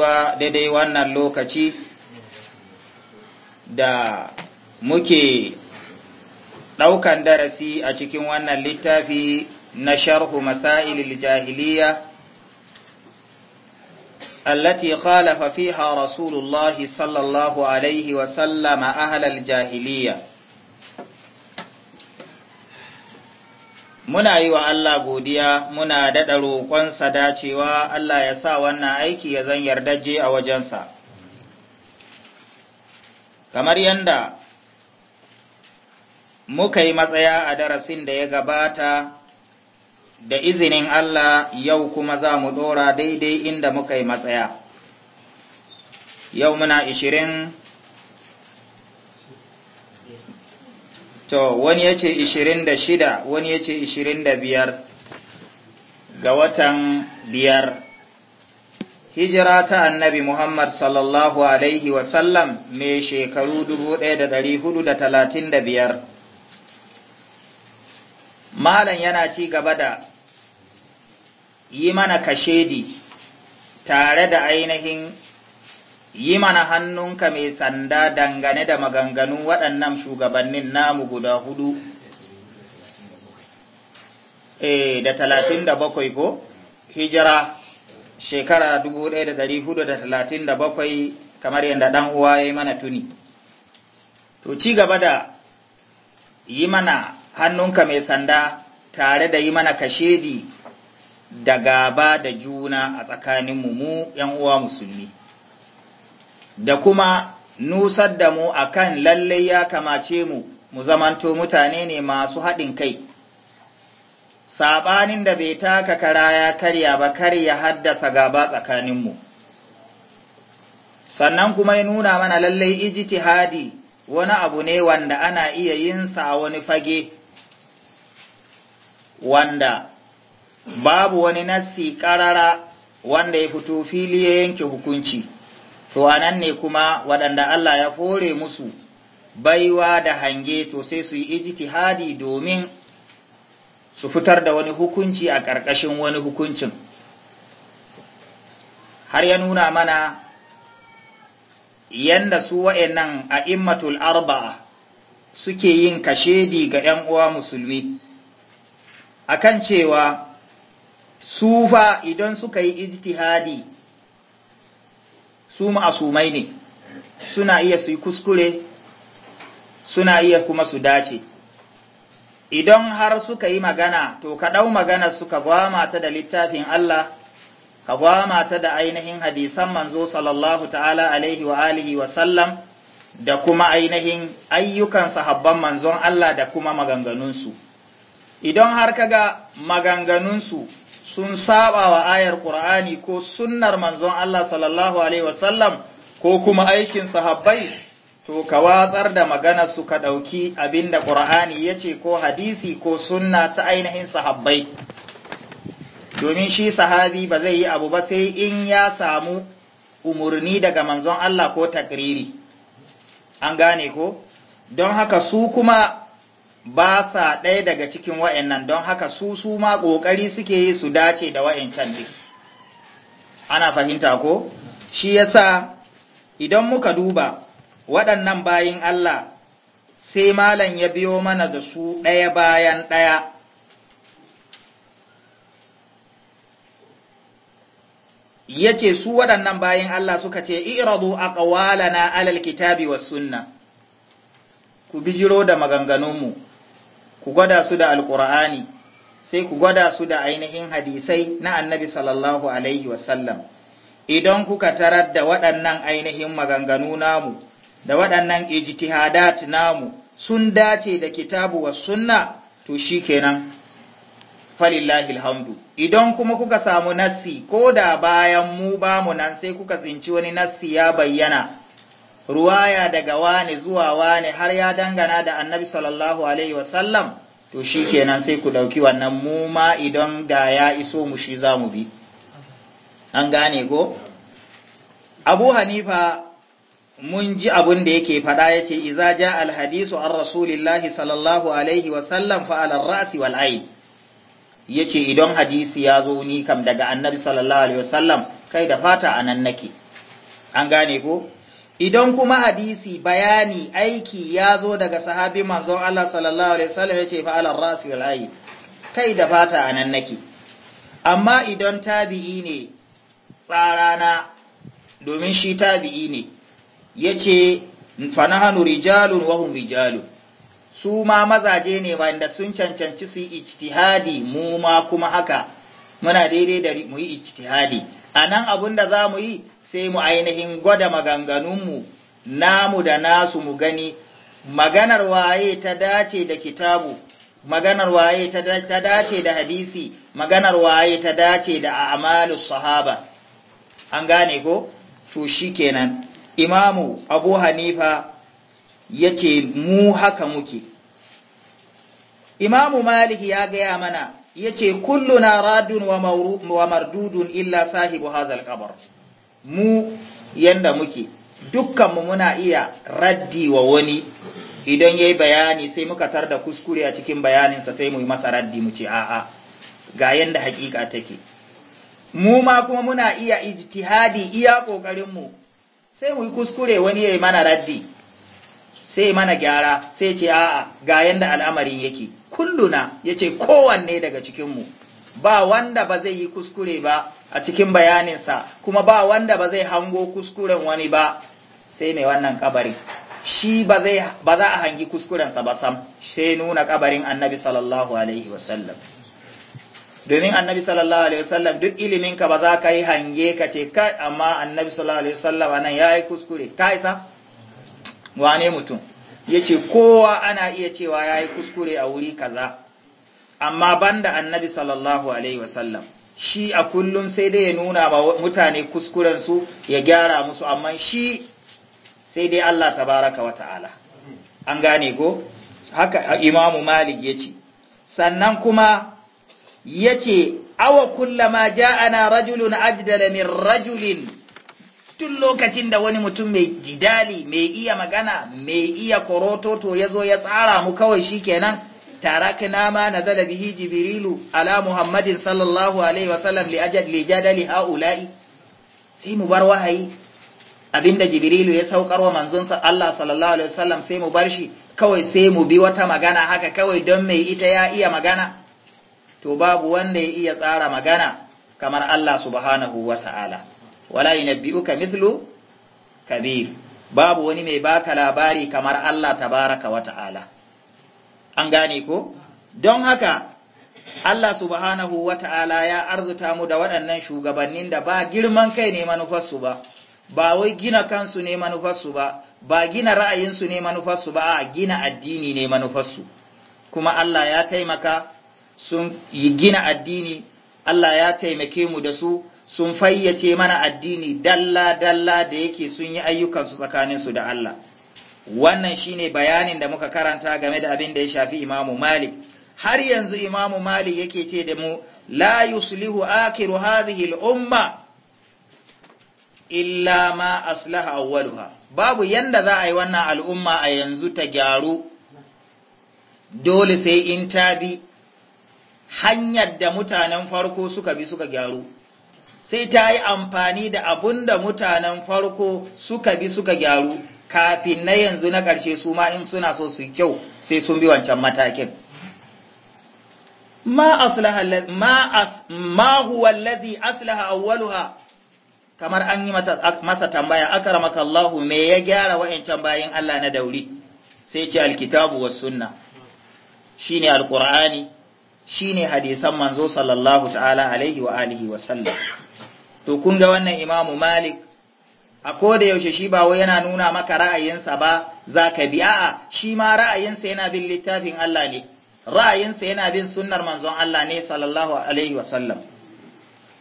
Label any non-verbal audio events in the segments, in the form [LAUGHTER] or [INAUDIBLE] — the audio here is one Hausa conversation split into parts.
haɗuwa daidai wannan lokaci da muke ɗaukan darasi a cikin wannan littafi na sharhu masailil jahiliya allati khalafa fiha rasulullahi sallallahu alaihi wa sallama ahlal jahiliya muna yi wa Allah godiya muna daɗa roƙonsa dacewa Allah ya sa wannan aiki ya zan yardaje a wajensa. Kamar yadda muka yi matsaya a darasin da ya gabata da izinin Allah yau kuma za mu ɗora daidai inda muka yi matsaya. Yau muna ishirin to wani ya ce 26 wani ya ce 25 ga watan biyar hijira ta annabi muhammad sallallahu alaihi wasallam mai shekaru 1435 malam yana ci gaba da yi mana kashedi tare da ainihin yi mana hannunka mai sanda dangane da maganganun waɗannan shugabannin namu guda hudu e, da talatin da bakwai ko hijira shekara dubu ɗaya da ɗari hudu da talatin da bakwai kamar yadda ɗan uwa ya yi mana tuni to ci gaba da yi mana hannunka mai sanda tare da yi mana kashedi da gaba da juna a tsakaninmu mu 'yan uwa musulmi da kuma nusar da mu akan lallai ya kamace mu mu zamanto mutane ne masu haɗin kai saɓanin da bai taka kara ya karya ba karya ya haddasa gaba tsakaninmu sannan kuma ya nuna mana lallai ijtihadi wani abu ne wanda ana iya yin sa a wani fage wanda babu wani nassi ƙarara wanda ya fito fili ya yanke hukunci to anan ne kuma waɗanda Allah ya fore musu baiwa da hange to sai su yi ijtihadi domin su fitar da wani hukunci a ƙarƙashin wani hukuncin har ya nuna mana yanda su wa'annan a immatul arba'a suke yin kashedi ga ‘yan uwa musulmi akan cewa su fa idan suka yi ijtihadi su ma'asumai ne suna iya su yi kuskure suna iya kuma su dace idan har suka yi magana to ka ɗau magana suka gwama ta da littafin Allah ka gwama ta da ainihin hadisan manzo sallallahu ta'ala alaihi wa alihi wa sallam da kuma ainihin ayyukan sahabban manzon Allah da kuma maganganunsu idan har kaga maganganunsu sun saba wa ayar Qur'ani ko sunnar manzon Allah sallallahu alaihi wasallam ko kuma aikin sahabbai to ka watsar da magana su ka ɗauki abinda Qur'ani ya ce ko hadisi ko sunna ta ainihin sahabbai domin shi sahabi ba zai yi abu ba sai in ya samu umurni daga manzon Allah ko takriri an gane ko don haka su kuma ba sa ɗaya daga cikin wa'annan don haka su su ma ƙoƙari suke yi su dace da can ɗin. Ana fahimta ko? Shi yasa idan muka duba waɗannan bayin Allah sai malam ya biyo mana da su ɗaya bayan ɗaya. ya ce su waɗannan bayan Allah suka ce iradu na alal kitabi wa sunna ku bijiro da maganganunmu ku gwada su da alƙur'ani sai ku gwada su da ainihin hadisai na annabi sallallahu alaihi wasallam idan kuka tarar da waɗannan ainihin maganganu namu da waɗannan ijtihadat namu sun dace da kitabu wa sunna to shi kenan falillahi alhamdu idan kuma kuka samu nassi ko da bayan mu ba mu nan sai kuka tsinci wani nassi ya bayyana ruwaya daga wane zuwa wane har ya dangana da annabi sallallahu alaihi wasallam to shi kenan sai ku ɗauki wannan mu ma idan da ya iso mu shi za mu bi an gane ko abu hanifa mun ji abun da yake faɗa ya ce iza ja alhadisu an rasulillahi sallallahu alaihi wasallam fa'alar ra'asi wal'ain ya ce idan hadisi ya zo ni kam daga annabi sallallahu alaihi wasallam kai da fata a nan nake an gane ko idan kuma hadisi bayani aiki ya zo daga sahabi manzon Allah sallallahu alaihi wasallam yace fa alar rasi wal kai da fata anan nake amma idan tabi'i ne tsarana domin shi tabi'i ne yace fanahanu rijalun wa hum rijalun su ma mazaje ne wanda sun cancanci su yi ijtihadi mu ma kuma haka muna daidai da mu yi ijtihadi a nan abin da za mu yi sai mu ainihin gwada maganganunmu namu da nasu mu gani maganar waye ta dace da kitabu maganar waye ta dace da hadisi maganar waye ta dace da amalus sahaba an gane ko to shikenan imamu abu hanifa ya ce mu haka muke imamu malik ya gaya mana Ya ce kullu na radun wa mardudun illa sahibu hazal kabar mu yanda muke dukkanmu muna iya raddi wa wani idan yayi bayani sai muka tar da kuskure a cikin bayaninsa sai mu yi masa raddi mu ce a'a ga yanda hakika take mu ma kuma muna iya ijtihadi iya ƙoƙarinmu sai mu yi kuskure wani ya yi mana raddi sai mana gyara sai ce a'a ga yanda al'amarin yake kulluna ya ce kowanne daga cikinmu ba wanda ba zai yi kuskure ba a cikin bayaninsa kuma ba wanda ba zai hango kuskuren wani ba sai mai wannan kabari shi ba za a hangi kuskurensa ba sam sai nuna kabarin annabi sallallahu alaihi wasallam domin annabi sallallahu alaihi wasallam duk iliminka ba za ka yi hange ka ce kai amma annabi sallallahu alaihi wasallam nan ya yi kuskure ta isa wane mutum Ya ce kowa ana iya cewa ya yi kuskure a wuri kaza amma banda annabi sallallahu alaihi wasallam shi a kullum sai dai ya nuna ma mutane kuskurensu ya gyara musu amma shi sai dai Allah tabaraka wa ta'ala an gane go haka imamu malik ya ce. sannan kuma yace awa kullama ja'ana rajulun ajdala min rajulin tun lokacin da wani mutum mai jidali mai iya magana mai iya koroto to ya zo ya tsara mu kawai shi kenan na ma zala bihi jibrilu ala muhammadin sallallahu alaihi wasallam li ajad li jadali haula'i sai mu bar wahayi abinda jibrilu ya saukar wa manzonsa Allah sallallahu alaihi wasallam sai mu bar shi kawai sai mu bi wata magana haka kawai don mai ita ya iya magana to babu wanda ya iya tsara magana kamar Allah subhanahu wa ta'ala wala yunabbi'uka mithlu kabir babu wani mai baka labari kamar Allah tabaraka wa ta'ala an gane ko don haka Allah subhanahu wa ta'ala ya arzuta mu da waɗannan shugabannin da ba girman kai ne manufarsu ba ba wai gina kansu ne manufarsu ba ba gina ra'ayinsu ne manufarsu ba a gina addini ne manufarsu kuma Allah ya taimaka sun yi gina addini Allah ya taimake mu da su sun fayyace mana addini dalla-dalla da yake sun yi ayyukansu tsakaninsu da Allah. Wannan shine bayanin da muka karanta game da abin da ya shafi Imamu Malik. Har yanzu Imamu Malik yake ce da mu, La yuslihu akiru hadhihi umma illa ma aslaha awwaluha. Babu yanda za a yi wannan al'umma a yanzu ta gyaru, dole sai in ta bi hanyar da mutanen farko suka bi suka gyaru. sai ta yi amfani da abun da mutanen farko suka bi suka gyaru kafin na yanzu na ƙarshe su ma in suna so su kyau sai sun bi wancan matakin. Ma huwa allazi aslaha awwaluha kamar an yi masa tambaya akramaka Allahu me ya gyara wa'ancan bayan Allah na dauri sai ce alkitabu was sunna shine alqur'ani shine hadisan manzo sallallahu ta'ala alaihi wa alihi wa sallam to kun ga wannan imamu malik a koda yaushe shi ba wai yana nuna maka ra'ayinsa ba za ka bi a'a shi ma ra'ayinsa yana bin littafin Allah ne ra'ayinsa yana bin sunnar manzon Allah ne sallallahu alaihi wa sallam.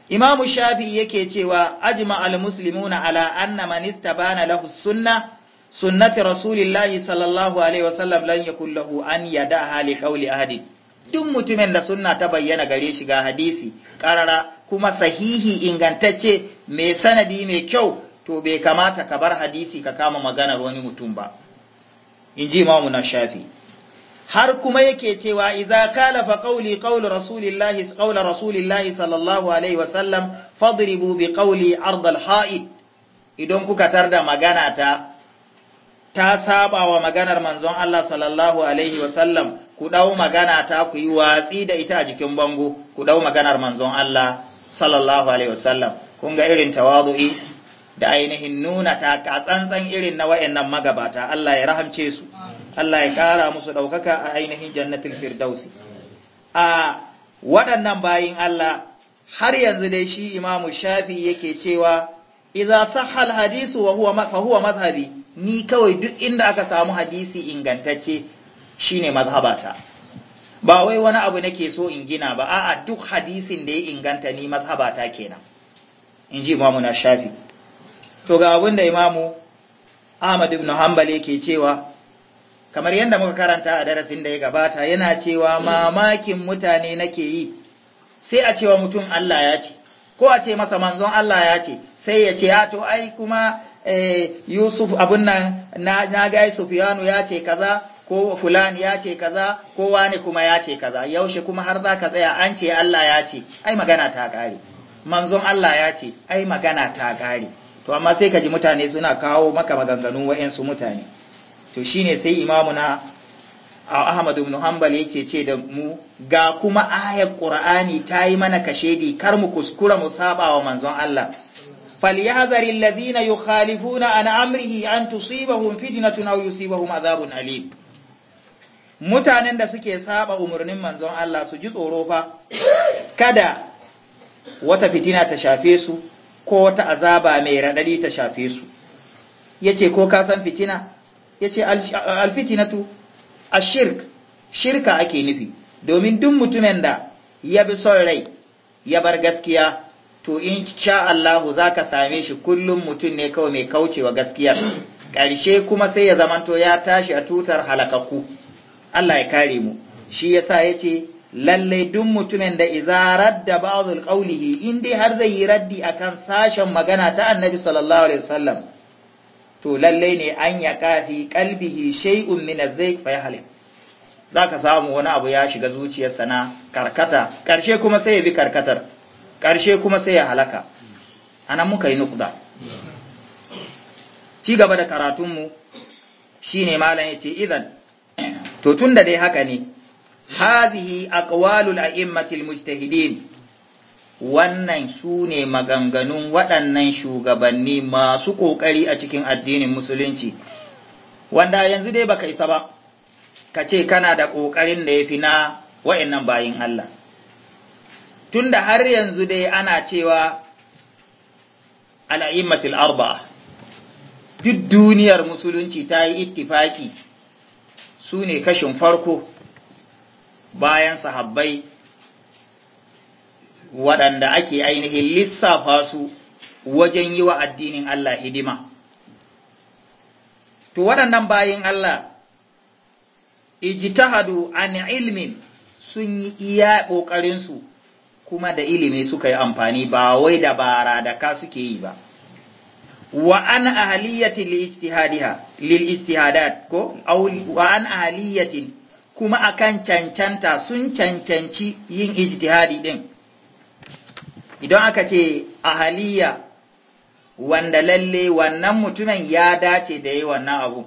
imamu shafi yake cewa ajma al muslimuna ala anna man istabana lahu sunna sunnati rasulillahi sallallahu alaihi sallam lan yakul lahu an yada hali qawli ahadin duk mutumin da sunna ta bayyana gare shi ga hadisi ƙarara. kuma sahihi ingantacce mai sanadi mai kyau to bai kamata ka bar hadisi ka kama maganar wani mutum ba in ji imamu na shafi har kuma yake cewa idza fa qawli qawlu rasulillahi qawla rasulillahi sallallahu alaihi wasallam fadribu bi qawli ard al ha'id idan kuka tarda magana ta ta saba wa maganar manzon Allah sallallahu alaihi wasallam ku ɗau magana ta ku yi watsi da ita a jikin bango ku ɗau maganar manzon Allah sallallahu alaihi wasallam kun ga irin tawadu'i da ainihin nuna taka tsantsan irin na wayannan magabata Allah ya rahamce su Allah ya kara musu daukaka a ainihin jannatul firdausi a waɗannan bayin Allah har yanzu dai shi Imam shafi yake cewa idza sahha hadisu wa huwa fa huwa mazhabi ni kawai duk inda aka samu hadisi ingantacce shine mazhabata ba wai wani abu nake so in gina ba a'a duk hadisin da ya inganta ni mazhabata kenan in ji imamu na shafi to ga abin da imamu ahmad ibn hanbal yake cewa kamar yadda muka karanta a darasin da ya gabata yana cewa mamakin mutane nake yi sai a cewa mutum Allah ya ce ko a ce masa manzon Allah ya ce sai ya ce to ai kuma eh, Yusuf abun nan na ga Sufyanu ya ce kaza ko fulani ya ce kaza ko wani kuma ya ce kaza yaushe kuma har za ka tsaya an ce Allah ya ce ai magana ta ƙare manzon Allah ya ce ai magana ta ƙare to amma sai ka ji mutane suna kawo maka maganganu wa'yansu mutane to shine sai na Ahmad ibn Hanbal yake ce da mu ga kuma ayar Qur'ani ta yi mana kashedi kar mu kuskura mu saba wa manzon Allah فليحذر الذين يخالفون عن أمره أن تصيبهم فتنة أو يصيبهم عذاب أليم mutanen da suke saba umarnin manzon Allah su ji tsoro fa kada wata fitina ta shafe su ko wata azaba mai raɗaɗi ta shafe su yace ko ka san fitina yace fitinatu ashirk shirka ake nufi domin duk mutumin da ya bi son rai ya bar gaskiya to in sha Allahu za ka same shi kullum mutum ne kawai mai kaucewa gaskiya ƙarshe kuma sai ya zamanto ya tashi a tutar halakakku Allah ya kare mu shi yasa yace lallai duk mutumin da idza radda al qawlihi in dai har zai yi raddi akan sashen magana ta annabi sallallahu alaihi wasallam to lallai ne an ya kafi qalbihi shay'un min az-zayq fa yahlim zaka samu wani abu ya shiga zuciyarsa na karkata karshe kuma sai ya bi karkatar karshe kuma sai ya halaka anan muka yi nukuda ci gaba da karatunmu shine malam yace idan to tun da dai haka ne hazihi aqwalul a'immatil mujtahidin wannan su ne maganganun waɗannan shugabanni masu ƙoƙari a cikin addinin musulunci wanda yanzu dai baka isa ba ka ce kana da ƙoƙarin da ya fi na wayannan bayin Allah tunda har yanzu dai ana cewa al'a'immatul arba'a duk duniyar musulunci ta yi ittifaki su ne kashin farko bayan sahabbai waɗanda ake ainihin lissafa su wajen yi wa addinin Allah hidima. To waɗannan bayan Allah, ijtihadu an ilmin sun yi iya ƙoƙarinsu kuma da ilimi suka yi amfani ba wai dabara da ka suke yi ba. wa an ahliyati liijtihadiha lilijtihadat ko wa an ahliyatin kuma akan cancanta sun cancanci yin ijtihadi din idan aka ce ahaliya wanda lalle wannan mutumin ya dace da yin wannan abu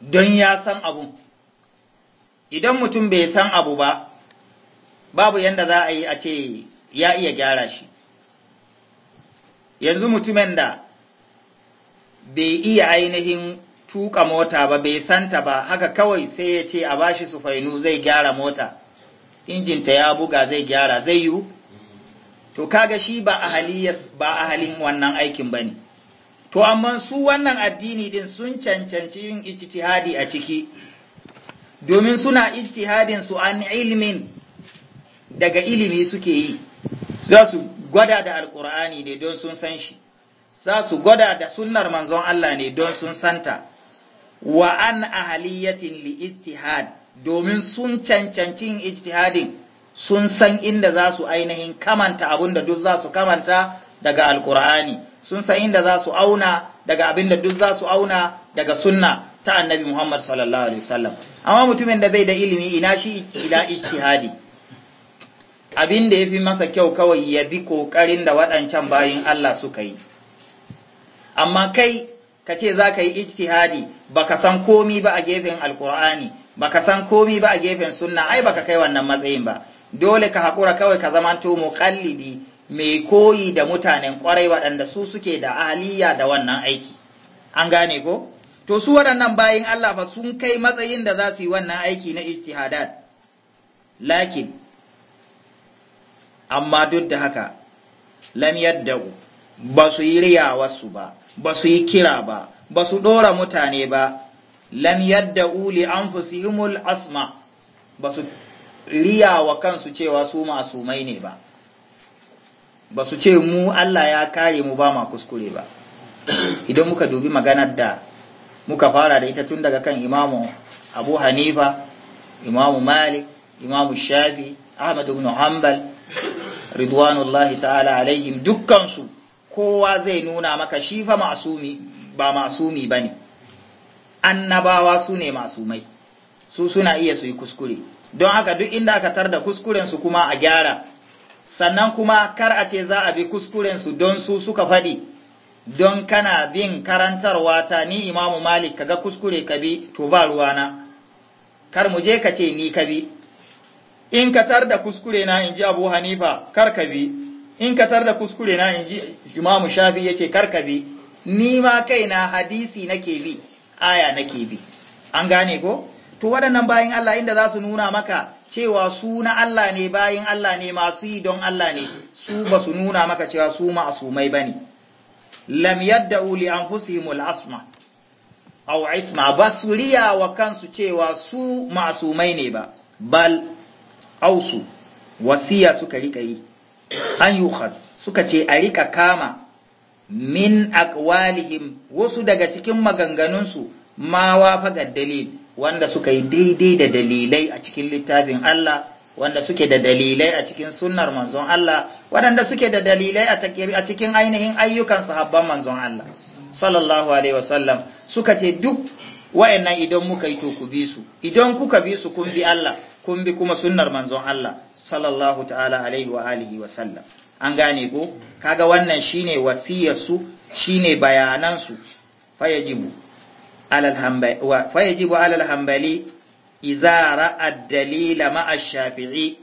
don ya san abu idan mutum bai san abu ba babu yanda za a yi a ce ya iya gyara shi yanzu mutumin da bai iya ainihin tuka mota ba bai santa ba haka kawai sai ya ce a bashi sufainu zai gyara mota injinta ya buga zai gyara zai yiwu to kaga shi ba ahalin wannan aikin bane. to amma su wannan addini din sun cancanci yin ijtihadi a ciki domin suna ijtihadin su an ilmin daga ilimi suke yi za su gwada da alkur'ani ne don sun san shi za su gwada da sunnar manzon Allah ne don sun santa wa an ahaliyatin li ijtihad domin sun cancancin ijtihadin sun san inda za su ainihin kamanta abin da duk za su kamanta daga alkur'ani sun san inda za su auna daga abin da duk za su auna daga sunna ta annabi Muhammad sallallahu alaihi wasallam amma mutumin da bai da ilimi ina shi ila ijtihadi abin da yafi masa kyau kawai ya bi kokarin da waɗancan bayin Allah suka yi amma kai ka ce za ka yi ijtihadi ka san komi ba a gefen alkur'ani ka san komi ba a gefen sunna ai ba ka kai wannan matsayin ba dole ka haƙura kawai ka zama zamanto muƙallidi mai koyi da mutanen ƙwarai waɗanda su suke da ahaliya da wannan aiki an gane ko to su waɗannan bayin Allah fa sun kai matsayin da za su yi wannan aiki na ijtihadat lakin amma duk da haka lam yadda'u ba su yi riya wasu ba ba su yi kira ba ba su ɗora mutane ba lam yadda uli an fusimul asma ba su riya wa kansu cewa su masumai ne ba ba su ce mu Allah ya kare mu ba ma kuskure ba idan muka dubi maganar da muka fara da ita tun daga kan imamu abu hanifa imamu malik imamu shafi ahmad ibn hanbal ridwanullahi ta'ala alaihim dukkansu kowa zai nuna maka shi fa masumi ba masumi ba ne annabawa su ne masumai su suna iya su yi kuskure don haka duk inda aka tar da kuskurensu kuma a gyara sannan kuma kar a ce za a bi kuskurensu don su suka faɗi don kana bin karantarwa ta ni imamu malik kaga kuskure ka bi to ba na? kar mu je ka ce ni ka bi in ka tar da kuskure na in ji abu hanifa kar ka bi in ka tar da kuskure na in ji imamu shafi ya ce bi! ni ma kaina hadisi nake bi aya nake bi an gane ko to waɗannan bayin Allah inda za su nuna maka cewa su na Allah ne bayin Allah ne masu yi don Allah ne su ba su nuna maka cewa su ma'asumai ba ne lam yadda uli anfusihimul asma aw isma ba su riya wa kansu cewa su ma'asumai ne ba bal ausu wasiya suka rika yi an yukhaz suka ce a rika kama min akwalihim wasu daga cikin maganganunsu ma wafaqa dalil wanda suka yi daidai da dalilai a cikin littafin Allah wanda suke da dalilai a cikin sunnar manzon Allah waɗanda suke da dalilai a cikin ainihin ayyukan sahabban manzon Allah sallallahu alaihi wasallam suka ce duk wayannan idan muka yi to ku bi su idan kuka bi su kun bi Allah kun bi kuma sunnar manzon Allah sallallahu ta'ala alaihi wa alihi wa sallam an gane ko kaga wannan shine wasiyarsu shine bayanansu su. alal alal hanbali idza ra'a dalila ma'a shafi'i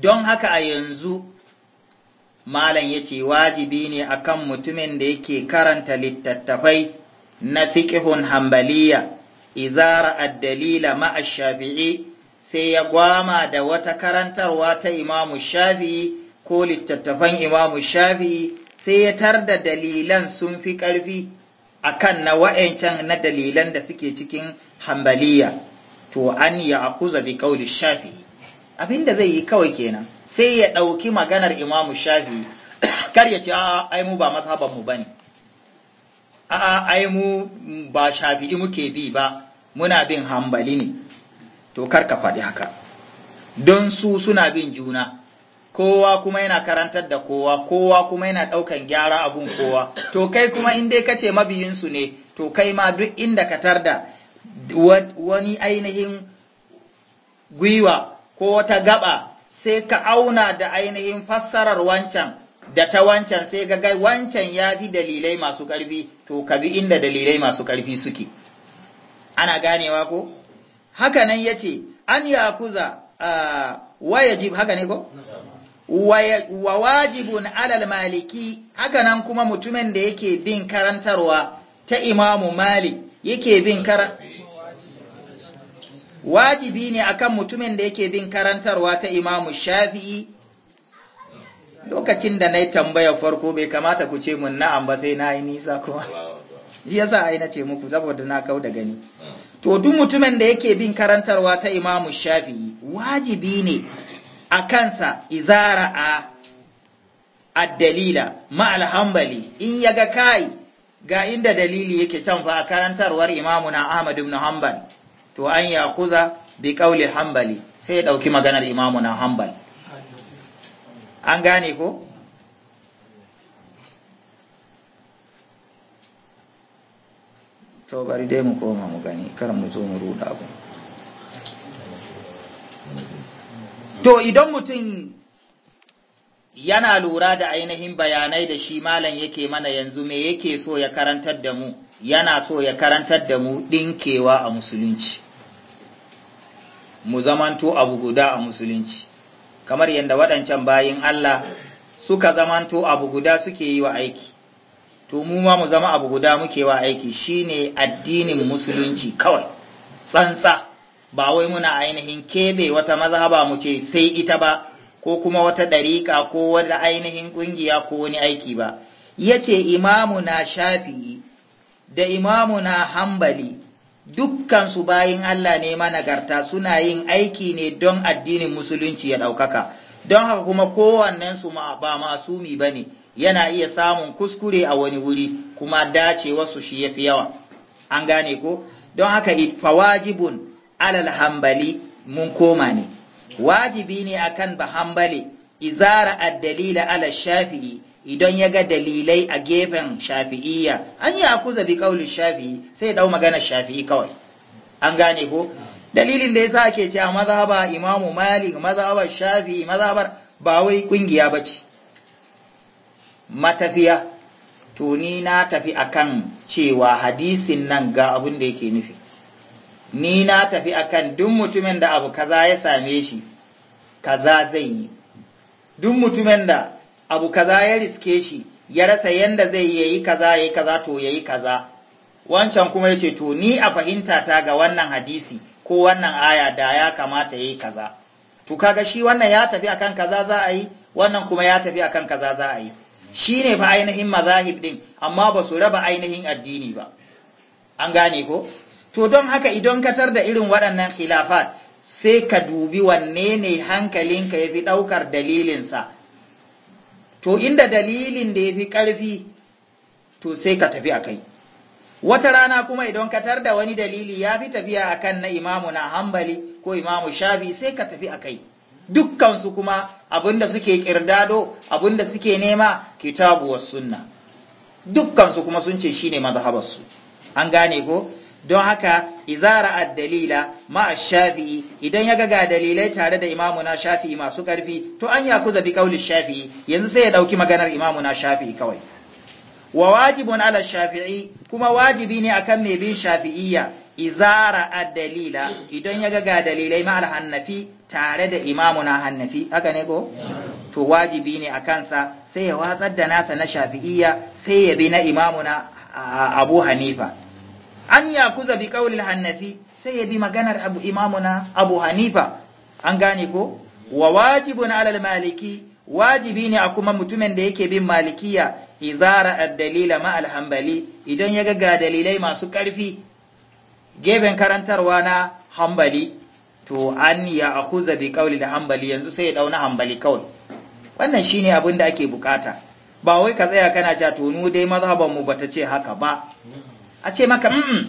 don haka a yanzu malam yace wajibi ne akan mutumin da yake karanta littattafai na fiqhun hanbaliya Izara ra'a dalila ma'a shafi'i sai ya gwama da wata karantarwa ta imamu shafi'i ko littattafan imamu shafi'i sai ya tar da dalilan sun fi ƙarfi a kan na wa'yancan na dalilan da suke cikin hambaliya to an ya akuza bi kauli shafi'i abin zai yi kawai kenan sai ya ɗauki maganar imamu shafi'i [COUGHS] kar ya ce a ai mu ba mazhabanmu ba ne a ai mu ba shafi'i muke bi ba muna bin hambali ne to kar ka faɗi haka don su suna bin juna kowa kuma yana karantar da kowa kowa kuma yana ɗaukan gyara abun kowa to kai kuma in dai kace mabiyinsu ne to kai ma duk inda ka tarda wani ainihin gwiwa ko wata gaba sai ka auna da ainihin fassarar wancan da ta wancan sai ga wancan ya fi dalilai masu ƙarfi to ka bi inda dalilai masu ƙarfi suke ana ganewa ko haka nan ya ce an ya kuza wayajib haka ne ko? wa wajibun alal maliki haka nan kuma mutumin da yake bin karantarwa ta imamu malik yake bin karantarwa wajibi ne akan mutumin da yake bin karantarwa ta imamu shafi'i lokacin da na yi tambaya farko bai kamata ku ce mun na'am ba sai na yi nisa kuma yasa ai na ce muku saboda na kau da gani to duk mutumin da yake bin karantarwa ta imamu shafi'i wajibi ne a kansa izara a addalila ma'al hambali in ya ga kai ga inda dalili yake can fa a karantarwar imamu na ahmad ibn hanbal to an ya kuza bi kauli hambali sai ya ɗauki maganar imamu na hambal an gane ko to bari dai mu koma mu gani kar mu zo mu ruda ku. to idan mutum yana lura da ainihin bayanai da shi malam yake mana yanzu me yake so ya karantar da mu yana so ya karantar da mu ɗinkewa a musulunci mu zamanto abu guda a musulunci kamar yadda waɗancan bayin Allah suka zamanto abu guda suke yi wa aiki to mu ma mu zama abu guda muke wa aiki shine addinin musulunci kawai tsantsa ba wai muna ainihin kebe wata mazhaba mu ce sai ita ba ko kuma wata ɗariƙa ko wata ainihin ƙungiya ko wani aiki ba ya ce imamuna shafi'i da imamuna hambali dukkansu bayin Allah ne managarta suna yin aiki ne don addinin musulunci ya ɗaukaka don haka kuma kowannensu ba masumi ba ne yana iya samun kuskure a wani wuri kuma wasu shi yafi yawa an gane ko don haka fawajibun alal hambali mun koma ne wajibi ne akan bahambali izara addalila ala shafi'i idan ya ga dalilai a gefen shafi'iyya an yi akuza bi kaulin shafi'i sai dau magana shafi'i kawai an gane ko dalilin da yasa ake cewa mazhaba imamu malik mazhabar shafi'i mazhabar ba wai kungiya bace matafiya to ni na tafi akan cewa hadisin nan ga abin da yake nufi ni na tafi akan duk mutumin da abu kaza ya same shi kaza zai yi duk mutumin da abu kaza ya riske shi ya rasa yanda zai yi kaza yayi kaza to yayi kaza wancan kuma yace to ni a fahimta ta ga wannan hadisi ko wannan aya da ya kamata yayi kaza to kaga shi wannan ya tafi akan kaza za a yi wannan kuma ya tafi akan kaza za a yi Shi ne fa ainihin mazahib ɗin amma ba su raba ainihin addini ba an gane ko to don haka idan katar da irin waɗannan khilafat sai ka dubi wanne ne hankalinka ya fi ɗaukar dalilinsa to inda dalilin da ya fi ƙarfi to sai ka tafi a kai wata rana kuma idan katar da wani dalili ya fi tafiya a kan na imamu na hambali ko imamu shafi sai ka tafi a kai dukkansu kuma abinda suke kirdado abinda suke nema kitabu was sunna dukkan su kuma sun ce shine mazhabarsu an gane ko don haka izara ad-dalila ma shafi'i idan ya ga dalilai tare da imamuna shafi'i masu karfi to an yakuza bi qauli shafi'i yanzu sai ya dauki maganar imamuna shafi'i kawai wa wajibun ala shafi'i kuma wajibi ne akan mai bin shafi'iyya izara ad-dalila idan ya ga dalilai ma al hanafi tare da imamuna hannafi haka ne ko to wajibi ne a kansa sai ya watsar da nasa na shafi'iyya sai ya bi na imamuna abu hanifa an ya kuza bi kaulin hannafi sai ya bi maganar abu imamuna abu hanifa an gane ko wa na alal maliki wajibi ne a kuma mutumin da yake bin malikiya izara ad-dalila ma alhambali idan ya ga dalilai masu ƙarfi gefen karantarwa na hambali. to an ya akuza bi kauli da hambali yanzu sai ya dauna hambali kawai wannan shine abin da ake bukata ba wai ka tsaya kana cewa to nu dai mazhaban mu bata ce haka ba a ce maka mm, mm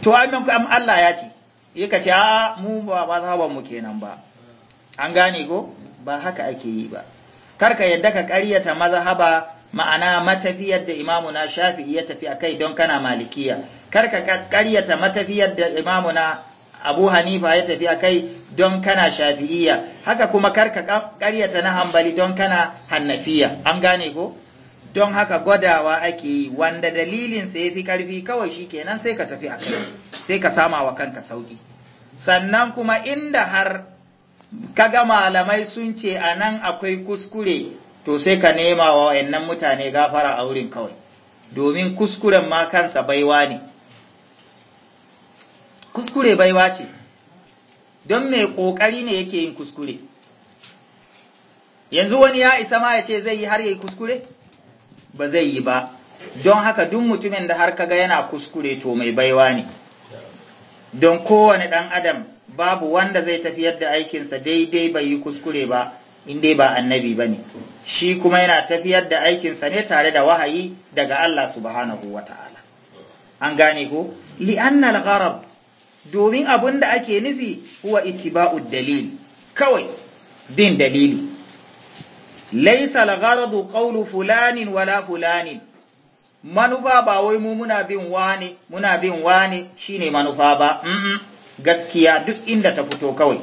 to amin am Allah ya ce yaka ce a mu ba mazhaban mu kenan ba an gane ko ba haka ake yi ba karka yadda ka ƙaryata mazhaba ma'ana matafiyar da imamuna shafi'i ya tafi akai don kana malikiya Kar ka ƙaryata matafiyar da imamuna abu hanifa ya tafi a kai don kana shafi'iyya haka kuma karka karyata na hambali don kana hannafiya an gane ko don haka gwadawa ake yi wanda dalilinsa ya fi karfi kawai shi kenan sai ka tafi a kai sai ka sama wa kanka sauki sannan kuma inda har kaga malamai sun ce a nan akwai kuskure to sai ka nema wa wayannan mutane gafara a wurin kawai domin kuskuren ma kansa baiwa ne kuskure baiwa ce don mai ƙoƙari ne yake yin kuskure yanzu wani ya isa ma ya ce zai yi har ya yi kuskure ba zai yi ba don haka duk mutumin da har kaga yana kuskure to mai baiwa ne don kowane ɗan adam babu wanda zai tafiyar da aikinsa daidai bai yi kuskure ba in dai ba annabi ba ne shi kuma yana tafiyar da aikinsa ne tare da wahayi daga Allah subhanahu wa an gane ko li'annal gharab domin abin da ake nufi huwa itiba'u dalil kawai bin dalili laisa al-gharadu qawlu fulanin wala fulanin manufa ba wai mu muna bin wane muna bin wani shine manufa ba gaskiya duk inda ta fito kawai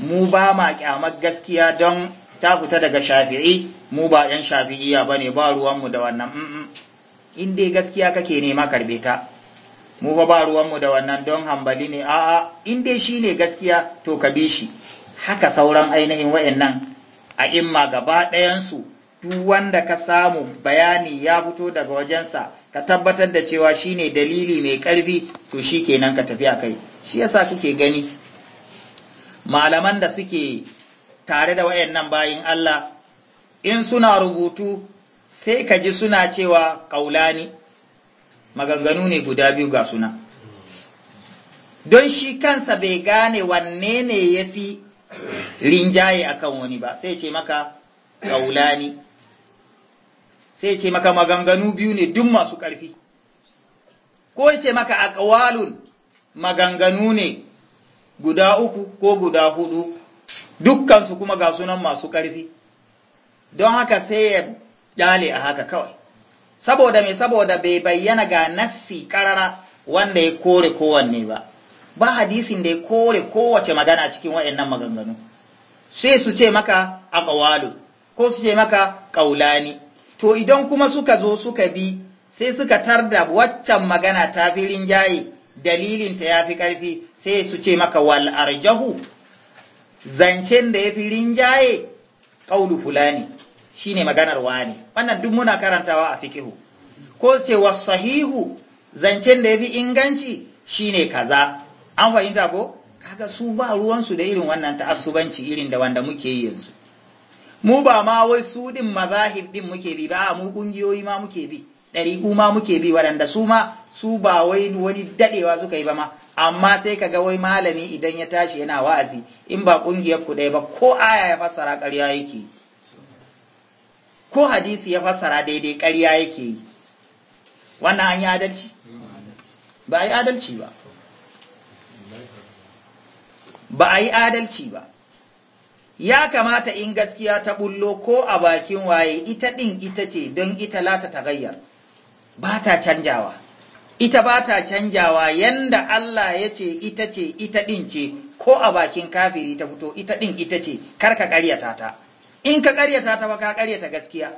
mu ba ma kyamar gaskiya don ta fita daga shafi'i mu ba yan shafi'iya bane ba ruwanmu da wannan in dai gaskiya kake nema karbe ta mu ba ba ruwanmu da wannan don hambali ne a'a in dai shi ne gaskiya to ka bi shi haka sauran ainihin wa'annan a imma gaba ɗayansu duk wanda ka samu bayani ya fito daga wajensa ka tabbatar da cewa shi ne dalili mai ƙarfi to shi kenan ka tafi a kai shi yasa kuke gani malaman da suke tare da wayannan bayin Allah in suna rubutu sai ka ji suna cewa ƙaulani maganganu ne guda biyu ga suna don shi kansa bai gane wanne ne ya fi rinjaye akan wani ba sai ce maka ƙaulani sai ce maka maganganu biyu ne duk masu ƙarfi ko ce maka aƙawalun maganganu ne guda uku ko guda hudu dukkansu kuma ga sunan masu ƙarfi don haka sai ya ɗale a haka kawai saboda me saboda bai bayyana ga nassi karara wanda ya kore kowanne ba ba hadisin da ya kore kowace magana cikin waɗannan maganganu sai su ce maka aqwalu ko su ce maka qaulani to idan kuma suka zo suka bi sai suka tarda waccan magana ta fi rinjaye dalilin ta yafi ƙarfi sai su ce maka wal arjahu zancen da ya fi rinjaye ƙaulu fulani shine maganar wani wannan duk muna karantawa a fikihu ko cewa sahihu zancen da ya fi inganci shine kaza an fahimta ko kaga su ba ruwansu da irin wannan ta'assubanci irin da wanda muke yi yanzu mu ba ma wai su din mazahib din muke bi ba mu kungiyoyi ma muke bi Ɗari ma muke bi waɗanda su ma su ba wai wani daɗewa suka yi ba ma amma sai ka ga wai malami idan ya tashi yana wa'azi in ba ƙungiyar ku ɗaya ba ko aya ya fassara ƙarya yake ko hadisi ya fassara daidai ƙarya yake yi wannan an yi adalci ba a yi adalci ba ba a yi adalci ba ya kamata in gaskiya ta bullo ko a bakin waye ita ɗin ita ce don ita lata ta gayyar ba ta canjawa ita ba ta canjawa yanda Allah ya ce ita ce ita ɗin ce ko a bakin kafiri ta fito ita ɗin ita ce karka ƙaryata ta in ka karyata ta ka karyata gaskiya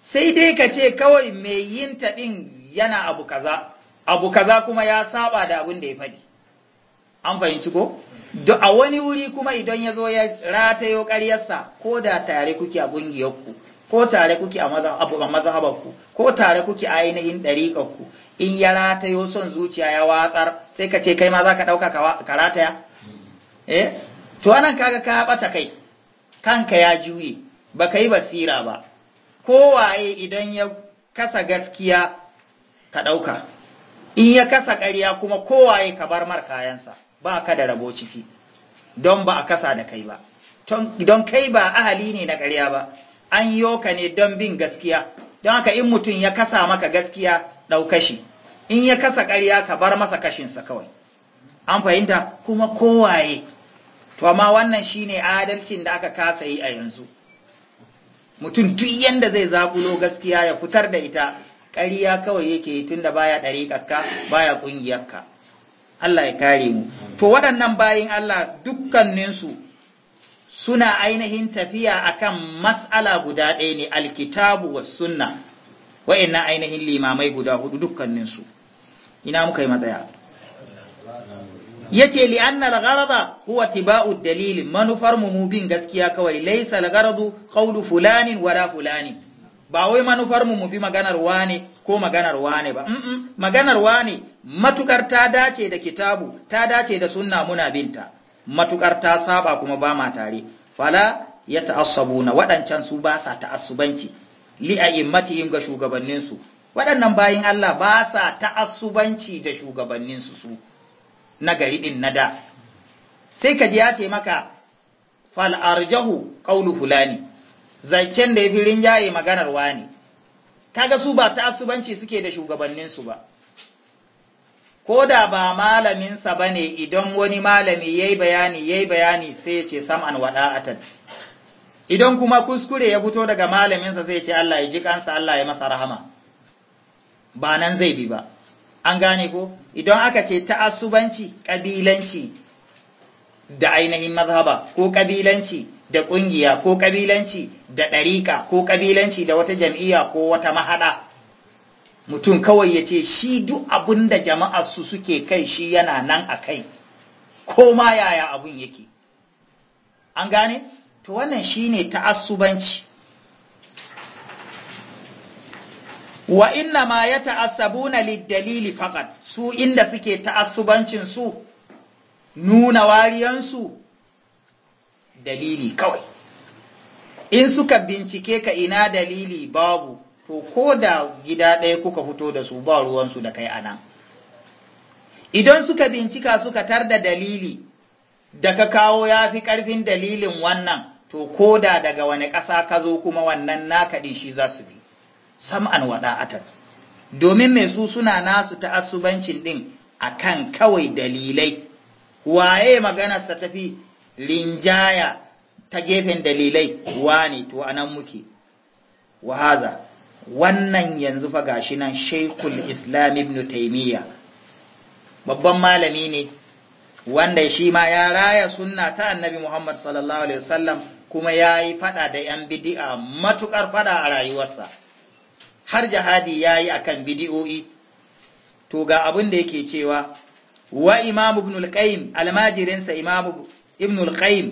sai dai ka ce kawai mai yin taɗin yana abu kaza abu kaza kuma ya saba da abin da ya faɗi an fahimci ko a wani wuri kuma idan ya zo ya ratayo karyarsa, ko da tare kuke a ƙungiyarku ko tare kuke a mazahabarku ko tare kuke a ainihin ɗariƙarku in ya ratayo son zuciya ya watsar sai ka ce kai ma za ka ɗauka ka rataya eh to anan kaga ka ɓata kai kanka ya juye baka yi basira ba kowaye idan ya kasa gaskiya ka ɗauka in ya kasa ƙarya kuma kowaye ka bar mar kayansa ba ka da rabo ciki don ba a kasa da kai ba don kai ba ahali ne na ƙarya ba an yi ka ne don bin gaskiya don haka in mutum ya kasa maka gaskiya ɗauka shi in ya kasa ƙarya ka bar masa kashinsa kawai an fahimta kuma kowaye to amma wannan shine adalcin da aka kasa yi a yanzu mutum duk yanda zai zaƙulo gaskiya ya fitar da ita ƙariya kawai yake yi tunda baya ɗari ɗariƙarka baya ƙungiyarka Allah ya kare mu to waɗannan bayin Allah dukkaninsu suna ainihin tafiya a kan mas'ala guda ɗaya ne alkitabu wa sunna wa'in ainihin limamai guda hudu dukkaninsu ina muka yi matsaya yace li anna al-gharada huwa tiba'u dalil manufar mu bin gaskiya kawai laysa al-gharadu qawlu fulanin wala fulani. ba wai manufar mu bi maganar wane ko maganar wane ba maganar wane matukar ta dace da kitabu ta dace da sunna muna binta matukar ta saba kuma ba ma tare fala ya ta'assabuna waɗancan su ba sa ta'assubanci li a'immatihim ga shugabanninsu waɗannan bayin Allah ba sa ta'assubanci da shugabanninsu su na gari ɗin na da sai ka ji ya ce maka fal arjahu qawlu fulani zancen da ya fi rinjaye maganar wani kaga su ba ta ta'assubanci suke da shugabanninsu ba ko da ba malaminsa ba ne idan wani malami ya yi bayani ya yi bayani sai ya ce a tan. idan kuma kuskure ya fito daga malaminsa zai ce Allah ya ji kansa Allah ya masa rahama ba nan zai bi ba an gane ko idan aka ce ta'assubanci ƙabilanci da ainihin mazhaba ko kabilanci da ƙungiya ko ƙabilanci da ɗariƙa ko kabilanci da wata jam'iyya ko wata mahaɗa mutum kawai ya ce shi duk abin da su suke kai shi yana nan a kai ko ma yaya abun yake an gane to wannan shine ta'assubanci wa inna ma ya ta'assabuna na dalili faqat su inda suke ta'assubancin su nuna wariyansu dalili kawai in suka bincike ka ina dalili babu to ko da gida ɗaya kuka fito da su ba ruwansu da kai anan idan suka bincika suka tar da dalili da ka kawo ya fi ƙarfin dalilin wannan to ko da daga wani ƙasa ka zo kuma wannan nakaɗi shi za su bi sam'an wada'atan domin mai su suna nasu ta'assubancin din akan kawai dalilai waye maganarsa tafi linjaya ta gefen dalilai wane to anan muke wahaza wannan yanzu fa gashi nan Sheikhul Islam Ibn Taymiyyah babban malami ne wanda shi ma ya raya sunna ta Annabi Muhammad sallallahu alaihi wasallam kuma yayi fada da yan bid'a matukar fada a rayuwarsa har jihadi ya yi a kan bidiyoyi to ga abin da yake cewa wa imamu ibn al-qayyim almajirinsa imamu ibn al-qayyim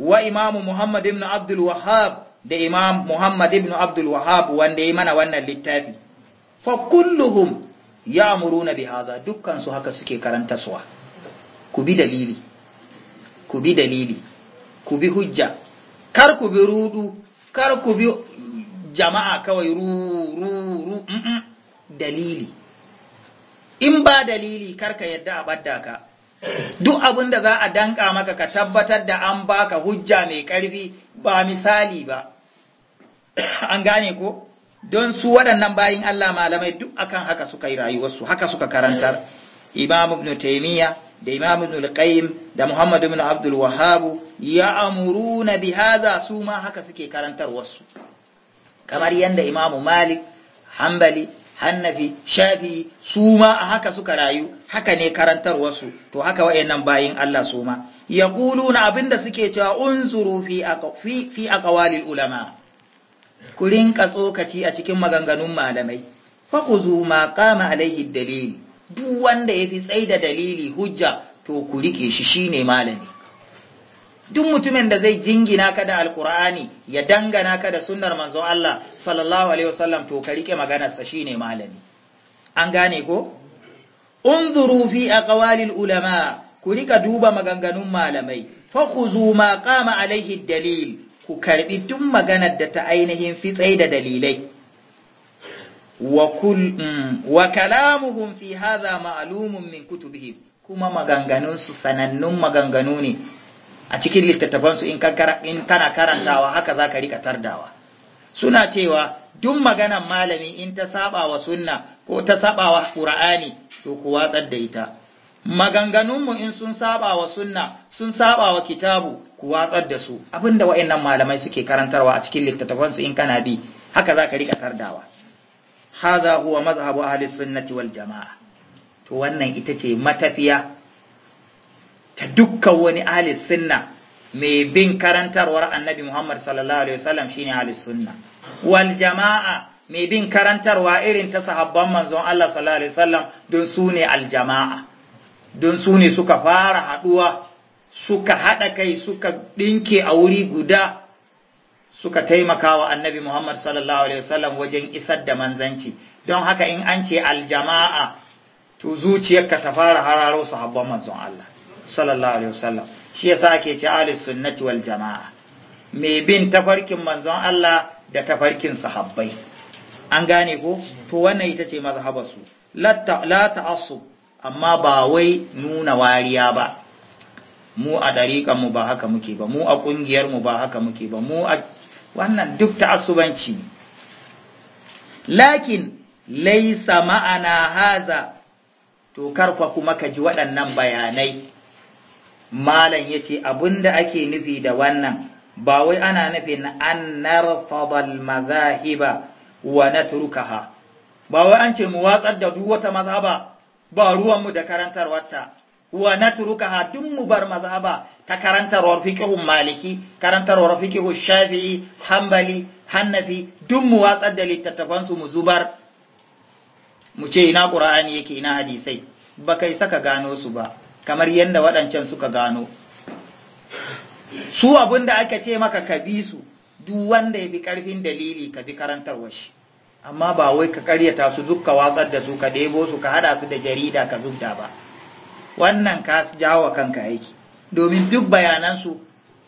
wa imamu muhammad ibn abdul wahhab da imam muhammad ibn abdul wahhab wanda ya mana wannan littafi fa kulluhum ya'muruna bi hadha dukkan haka suke karanta suwa ku bi dalili ku bi dalili ku bi hujja kar ku bi rudu kar ku bi jama'a kawai ru dalili in ba dalili karka yadda a badda ka duk abin da za a danka maka ka tabbatar da an baka hujja mai karfi ba misali ba [COUGHS] an gane ko don su waɗannan bayin Allah malamai duk akan haka suka yi rayuwarsu haka suka karantar imam ibn taymiya da imam ibn al-qayyim da muhammad ibn abdul wahhab ya amuruna bi hadha su ma haka suke karantar wasu. kamar yadda imamu malik hambali hannafi shafi su ma a haka suka rayu haka ne karantarwarsu to haka nan bayin Allah su ma abin da suke cewa unzuru fi a fi ulama ku rinka tsokaci a cikin maganganun malamai fa ma kama alaihi dalili. duk wanda ya yafi tsaida dalili hujja to ku rike shi shine malami duk mutumin da zai jingina ka da alkur'ani ya dangana ka da sunnar "Manzon Allah sallallahu alaihi wasallam to ka rike maganarsa shine malami an gane ko unzuru fi aqwalil ulama ku rika duba maganganun malamai fa khuzu ma qama alaihi dalil ku karbi duk maganar da ta ainihin fitsai da dalilai wa kul mm, wa kalamuhum fi hadha ma'lumun min kutubihim kuma maganganun su sanannun maganganu ne a cikin littattafansu in kana karantawa haka za ka rika tardawa suna cewa duk maganan malami in ta saba wa sunna ko ta saba wa qur'ani to ku watsar da ita maganganunmu in sun saba wa sunna sun saba wa kitabu ku watsar da su abinda wa'annan malamai suke karantarwa a cikin littattafansu in kana bi haka za ka rika tardawa hadha huwa mazhabu ahli sunnati wal jama'a to wannan ita ce matafiya ta dukkan wani ahli sunna mai bin karantarwar annabi Muhammad sallallahu alaihi wasallam shine ahli sunna wal jama'a mai bin karantarwa irin ta sahabban manzon Allah sallallahu alaihi wasallam don su ne al jama'a don su ne suka fara haduwa suka hada kai suka dinke a wuri guda suka taimaka wa annabi Muhammad sallallahu alaihi wasallam wajen isar da manzanci don haka in an ce aljama'a to zuciyarka ta fara hararo sahabban manzon Allah sallallahu alaihi wasallam shi yasa ake ci ahli sunnati wal jama'a mai bin tafarkin manzon Allah da tafarkin sahabbai an gane ko to wannan ita ce su. la ta'assub amma ba wai nuna wariya ba mu a dariƙan mu ba haka muke ba mu a ƙungiyar mu ba haka muke ba mu a wannan duk ta'assubanci ne lakin laisa ma'ana haza to karfa kuma ka ji waɗannan bayanai malam ya ce abinda ake nufi da wannan ba wai ana nufin an narfadal mazahiba wa natrukaha ba wai an ce mu watsar da duk wata mazhaba ba ruwanmu da karantarwarta wa natrukaha duk mu bar mazhaba ta karantarwar fiqhu maliki karantarwar fiqhu shafi'i hanbali hannafi duk mu watsar da littattafan su mu zubar mu ce ina qur'ani yake ina hadisai ba kai saka gano su ba kamar yadda waɗancan suka gano su abin da aka ce maka ka bi su duk wanda ya bi ƙarfin dalili ka bi karantar washi amma ba wai ka karyata su duk watsar da su ka debo su ka haɗa su da jarida ka zubda ba wannan ka jawo kanka aiki domin duk bayanansu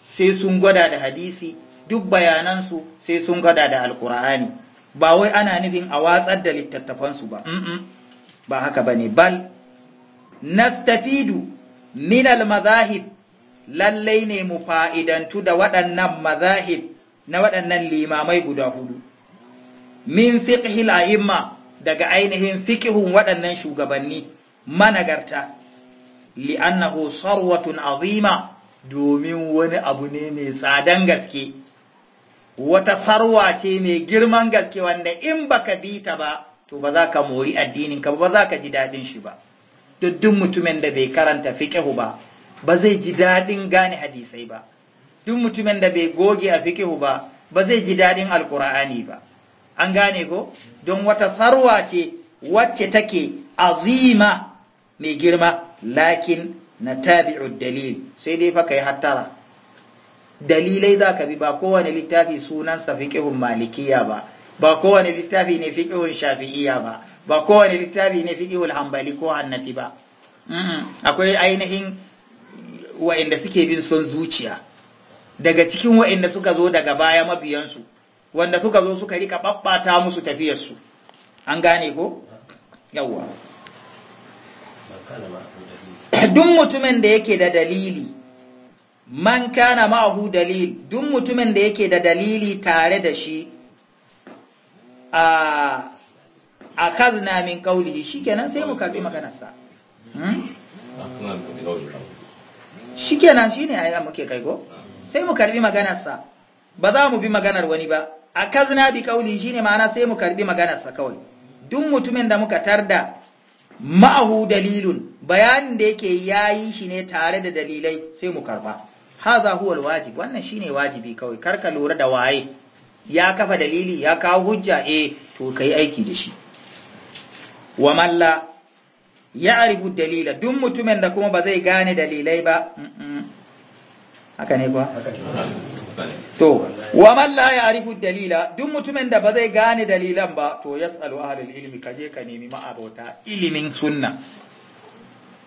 sai sun gwada da hadisi duk bayanansu sai sun gwada da alkur'ani ba wai ana nufin a watsar da littattafansu ba ba haka bane bal nastafidu min al-mazahib lallai ne mu fa'idantu da waɗannan mazahib na waɗannan limamai guda hudu min fiqhil a'imma daga ainihin fiqhun waɗannan shugabanni managarta li'annahu sarwatun azima domin wani abu ne mai tsadan gaske wata sarwa ce mai girman gaske wanda in baka bi ta ba to ba za ka mori addinin ka ba za ka ji daɗin shi ba duk mutumin da bai karanta fiƙihu ba ba zai ji daɗin gane hadisai ba duk mutumin da bai goge a fikihu ba ba zai ji daɗin alkur'ani ba an gane ko don wata sarwa ce wacce take azima mai girma lakin na tabi'u dalil sai dai fa kai hattara dalilai za ka bi ba kowane littafi sunansa fiƙihun malikiya ba ba kowane littafi ne fiqhun shafi'iya ba ba kowane littafi ne fiqihul hanbali ko hannafi ba mm-hmm. akwai ainihin wa'inda suke bin son zuciya daga cikin wa'inda suka zo daga baya mabiyansu wanda suka zo suka rika babbata musu tafiyarsu an gane ko yawwa duk mutumin da yake da dalili man kana ma'ahu dalil duk mutumin da yake da dalili tare da shi akazna min qawlihi shikenan sai mu karbi maganarsa hmm? shikenan shine ai muke kai go sai mu karbi maganarsa ba za mu bi maganar wani ba akazna bi qawlihi shine ma'ana sai mu karbi maganarsa kawai duk mutumin da muka tarda ma'ahu dalilun bayanin da yake yayi shi ne tare da dalilai sai mu karba haza huwa alwajib wannan shine wajibi kawai karka lura da waye ya kafa dalili ya kawo hujja eh to kai aiki da shi wa malla ya aribu dalila duk mutumin da kuma ba zai gane dalilai ba haka ne kuwa to wa malla ya aribu dalila duk mutumin da ba zai gane dalilan ba to ya tsalo ahalul ilimi kaje ka nemi ma'abota ilimin sunna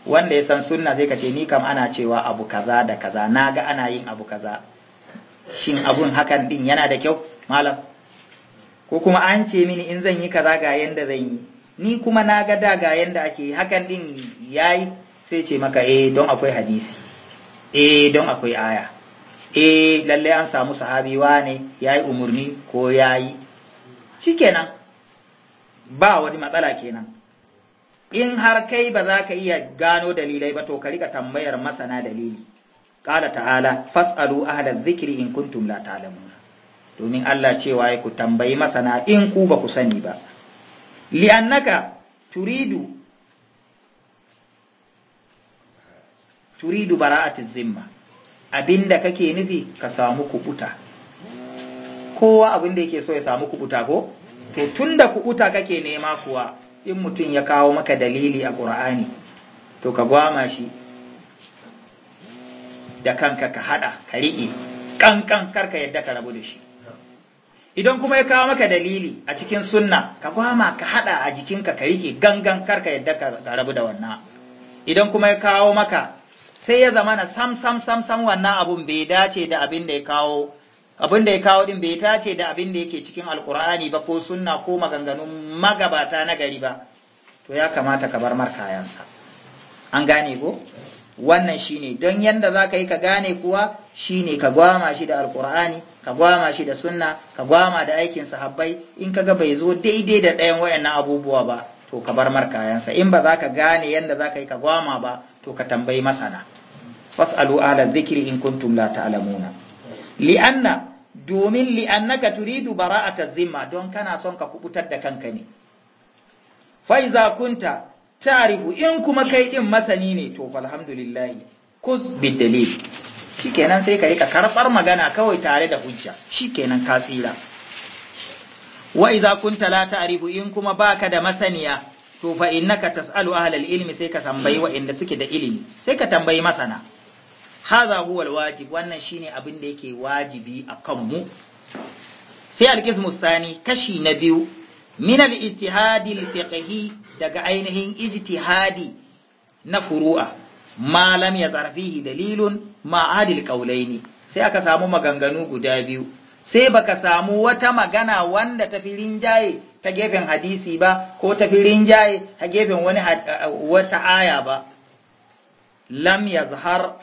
wanda ya san sunna zai kace ni kam ana cewa abu kaza da kaza na ga ana yin abu kaza shin abun hakan din yana da kyau malam ko kuma an ce mini in zan yi kaza ga yanda zan yi ni kuma na ga da ga yanda ake hakan din yayi sai ce maka eh don akwai hadisi eh don akwai aya eh lallai an samu sahabi wane yayi umarni ko yayi shikenan ba wani matsala kenan in har kai ba za ka iya gano dalilai ba to ka rika tambayar masana dalili qala ta'ala fasalu ahla zikiri in kuntum la ta'lamuna domin Allah cewa ku tambayi masana in ku ba ku sani ba li'annaka turidu turidu bara'ati zimma abinda kake nufi ka samu kubuta kowa abinda yake so ya samu kubuta ko to tunda kubuta kake nema kuwa in mutum ya kawo maka dalili a ƙur'ani to ka gwama shi da kanka ka hada ka riƙe ƙanƙan karka yadda ka rabu da shi idan kuma ya kawo maka dalili a cikin sunna ka kwama ka hada a jikinka ka rike gangan karka yadda ka rabu da wannan idan kuma ya kawo maka sai ya zama na sam sam sam sam wannan abun bai dace da abin da ya kawo abin da ya kawo din bai dace da abin da yake cikin alkur'ani ba ko sunna ko maganganun magabata na gari ba to ya kamata ka bar markayansa an gane ko wannan shi ne don yadda za ka yi ka gane kuwa shi ne ka gwama shi da alkur'ani ka gwama shi da sunna ka gwama da aikin sahabbai in ka ga bai zo daidai da ɗayan wayannan abubuwa ba to ka bar markayansa in ba za ka gane yadda za ka yi ka gwama ba to ka tambayi masana fas'alu ala zikiri in kuntum la ta'lamuna li'anna domin li'annaka turidu bara'ata zimma don kana son ka kubutar da kanka ne fa iza kunta ta'rifu in kuma kai din masani ne to alhamdulillah kuz bidalil shikenan sai ka rika karbar magana kawai tare da hujja shikenan ka tsira wa idza kunta la ta'rifu in kuma baka da masaniya to fa innaka tas'alu ahlal ilmi sai ka tambayi wa inda suke da ilimi sai ka tambayi masana hadha huwa alwajib wannan shine abin da yake wajibi akan mu sai alqismu sani kashi na biyu min al-istihadi al-fiqhi daga ainihin ijtihadi na furu'a ma lam yazarfihi dalilun ma adil qaulaini sai aka samu maganganu guda biyu sai baka samu wata magana wanda ta fi rinjaye ta gefen hadisi ba ko ta fi rinjaye ta gefen wani uh, wata aya ba lam yazhar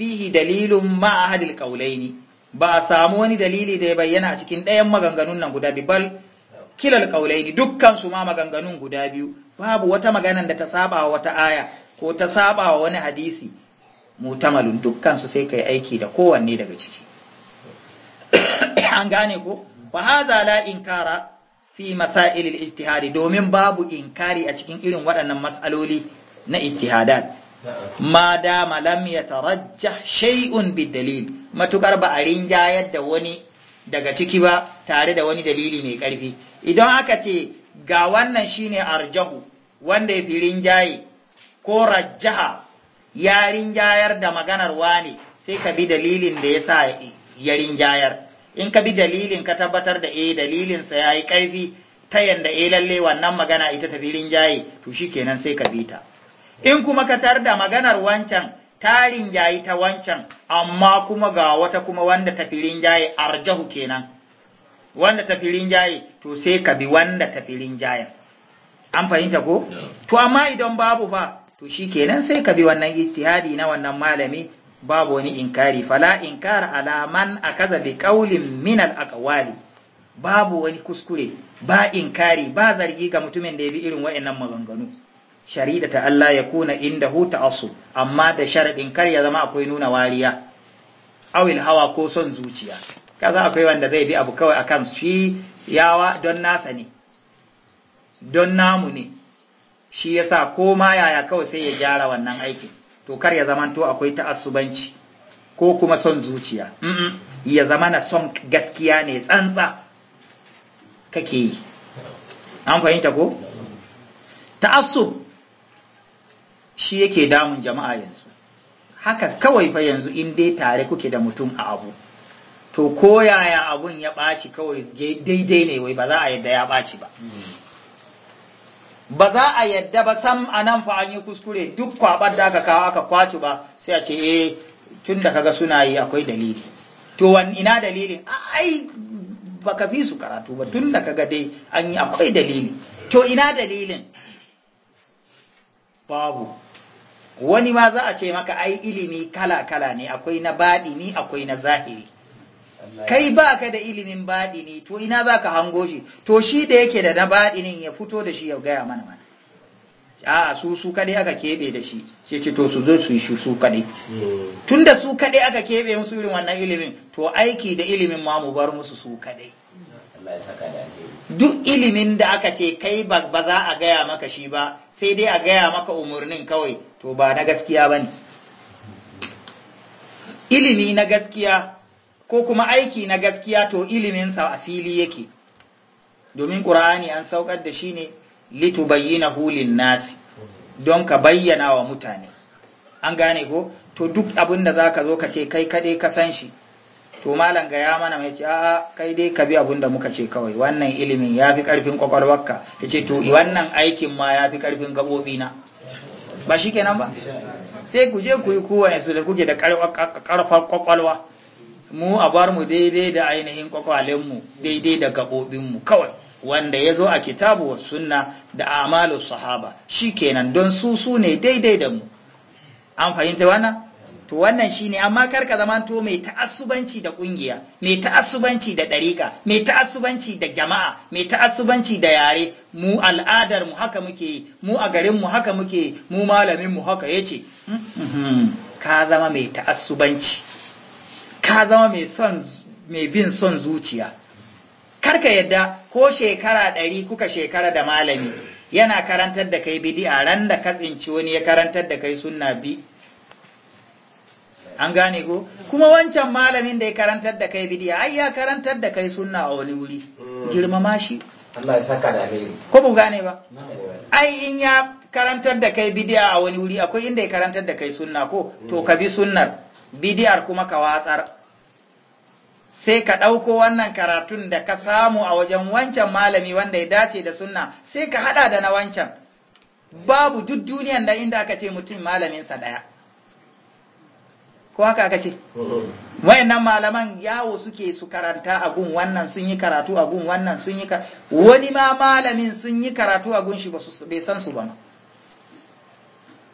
fihi dalilun ma adil qaulaini ba a samu wani dalili da ya bayyana a cikin ɗayan maganganun nan guda biyu bal kilal qaulaini dukkan su ma maganganun guda biyu babu wata maganan da ta saba wa wata aya ko ta saba wa wani hadisi mutamalun dukkan su sai kai aiki da kowanne daga ciki [COUGHS] an gane ko fa hadha la inkara fi al ijtihadi domin babu inkari a cikin irin waɗannan mas'aloli na ijtihadat ma malam ya yatarajjah shay'un bid dalil matukar ba a rinjayar da wani daga ciki ba tare da wani dalili mai ƙarfi idan aka ce ga wannan shine arjahu wanda ya fi rinjaye ko rajjaha ya rinjayar da maganar wane sai ka bi dalilin da ya sa ya rinjayar in ka bi dalilin ka tabbatar da eh dalilinsa ya yi ƙarfi ta yanda eh lalle wannan magana ita tafi rinjaye to shi kenan sai ka bi ta in kuma ka tar da maganar wancan tarin yayi ta wancan amma kuma ga wata kuma wanda tafi jaye arjahu kenan wanda tafi jaye to sai ka bi wanda tafi jayen. an fahimta ko to amma idan babu fa to shi kenan sai ka bi wannan ijtihadi na wannan malami babu wani inkari fala inkara ala man akaza bi qaulin min al aqwali babu wani kuskure ba inkari ba zargi ga mutumin da ya bi irin waɗannan maganganu ta Allah ya kuna inda huta asu amma da sharaɗin kar ya zama akwai nuna wariya awil hawa ko son zuciya kaza akwai wanda zai bi abu kawai akan shi yawa don nasa ne don namu ne shi yasa ko ma yaya kawai sai ya gyara wannan aikin to kar ya zama to akwai ta'assubanci ko kuma son zuciya ya zama na son gaskiya ne tsantsa kake yi an fahimta ko ta'assub shi yake damun jama'a yanzu haka kawai fa yanzu in dai tare kuke da mutum a abu to ko yaya abun ya ɓaci kawai daidai ne wai ba za a yadda ya ɓaci ba ba za a yadda ba sam a nan fa an yi kuskure duk kwaɓar da aka kawo aka kwaci ba sai a ce eh tun da kaga suna yi akwai dalili to wan ina dalilin ai baka fi su karatu ba tun da kaga dai an yi akwai dalili to ina dalilin babu wani ma za a ce maka ai ilimi kala-kala ne akwai na baɗini akwai na zahiri kai ba ka da ilimin baɗini to ina za ka hango shi to shi da yake da na baɗinin ya fito da shi ya gaya mana mana a su su kaɗai aka keɓe da shi ce ce to su zo su yi su kaɗai hmm. tun su kaɗai aka keɓe musu irin wannan ilimin to aiki da ilimin ma mu bar musu su kaɗai duk ilimin da aka ce kai ba za a gaya maka shi ba sai dai a gaya maka umarnin kawai to ba na gaskiya ba ne ilimi na gaskiya ko kuma aiki na gaskiya to iliminsa a fili yake domin ƙura'ani an saukar da shi ne litu bayyana hulin nasi don ka bayyana wa mutane an gane ko to duk abin da za ka zo ka ce kai kaɗai ka san shi to malam ga ya mana mai ce a'a kai dai ka bi abin da muka ce kawai wannan ilimin ya fi ƙarfin ƙwaƙwalwarka ya ce to wannan aikin ma ya fi ƙarfin gaɓoɓi na? ba shi kenan ba sai ku je ku yi kowane su da kuke da karfar kwakwalwa mu a bar mu daidai da ainihin kwakwalenmu daidai da gaɓoɓinmu kawai wanda ya zo a kitabu wa sunna da amalu sahaba shi kenan don su su ne daidai da mu an fahimta wannan to wannan shine amma kar ka zama to mai ta'assubanci da kungiya mai ta'assubanci da ɗariƙa mai ta'assubanci da jama'a mai ta'assubanci da yare mu al'adar mu haka muke mu a garin mu haka muke yi mu malamin mu haka yace hmm? ka zama mai ta'assubanci ka zama mai son mai bin son zuciya kar ka yadda ko shekara ɗari kuka shekara da malami yana karantar da kai bidi'a ran da ka tsinci wani ya karantar da kai sunna bi an gane ko kuma wancan malamin da ya karantar da kai bidiya ai ya karantar da kai sunna a wani wuri mm. girmama shi Allah ya saka da alheri ko gane ba ai in ya karantar da kai bidiya a wani wuri akwai inda ya karantar da kai sunna ko to ka bi sunnar bidiyar kuma ka watsar sai ka ɗauko wannan karatun da ka samu a wajen wancan malami wanda ya dace da sunna sai ka haɗa da na wancan babu duk duniyan da inda aka ce mutum malaminsa daya ko haka aka ce wayannan malaman yawo suke su karanta a gun wannan sun yi karatu a gun wannan sun yi wani ma malamin sun yi karatu a gun shi bai san su ba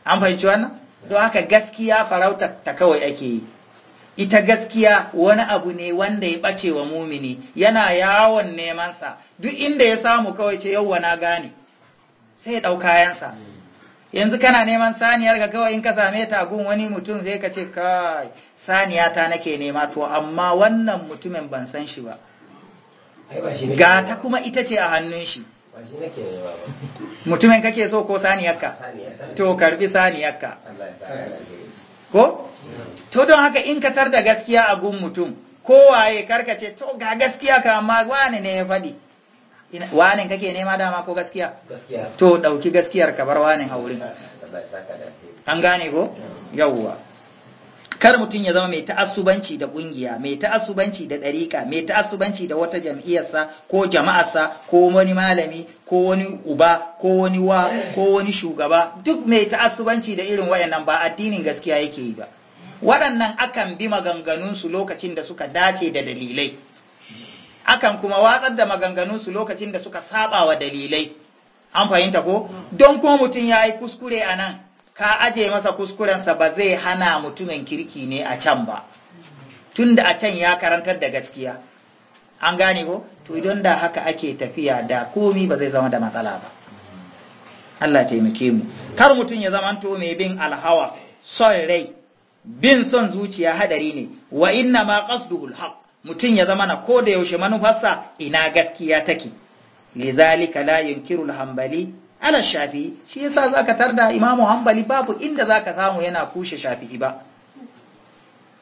an fahimci wannan don haka gaskiya farauta ta kawai ake yi ita gaskiya wani abu ne wanda ya ɓace wa mumini yana yawon neman sa. duk inda ya samu kawai ce yau na gane sai ya ɗau kayansa yanzu kana neman saniyar ka kawai in ka same ta gun wani mutum zai ka ce kai saniya ta nake nema to amma wannan mutumin ban san shi ba ga ta kuma ita ce a hannun shi mutumin kake so ko saniyar ka? to karbi ka. ko to don haka in ka tar da gaskiya a gun mutum kowaye karkace to ga gaskiya ka amma wani ne ya faɗi wanen kake nema dama ko gaskiya to dauki gaskiyar ka bar wanen a wurin an gane ko yawwa kar mutum ya zama mai ta'assubanci da kungiya mai ta'assubanci da dariƙa, mai ta'assubanci da wata jam'iyyarsa ko jama'arsa ko wani malami ko wani uba ko wani wa ko wani shugaba duk mai ta'assubanci da irin wayannan ba addinin gaskiya yake yi ba waɗannan akan bi maganganunsu lokacin da suka dace da dalilai akan kuma watsar da maganganunsu lokacin da suka saba wa dalilai an fahimta ko don ko mutum ya yi kuskure a nan ka aje masa kuskurensa ba zai hana mutumin kirki ne a can ba tunda a can ya karantar da gaskiya an gane ko to idan da haka ake tafiya da komi ba zai zama da matsala ba Allah taimake mu kar mutum ya zamanto mai bin alhawa son rai bin son zuciya hadari ne wa inna ma qasduhul haqq mutum ya zama na ko da yaushe manufarsa ina gaskiya take lizalika la yunkiru al-hanbali ala shafi'i shi yasa zaka tarda imamu hambali babu inda zaka samu yana kushe shafi'i ba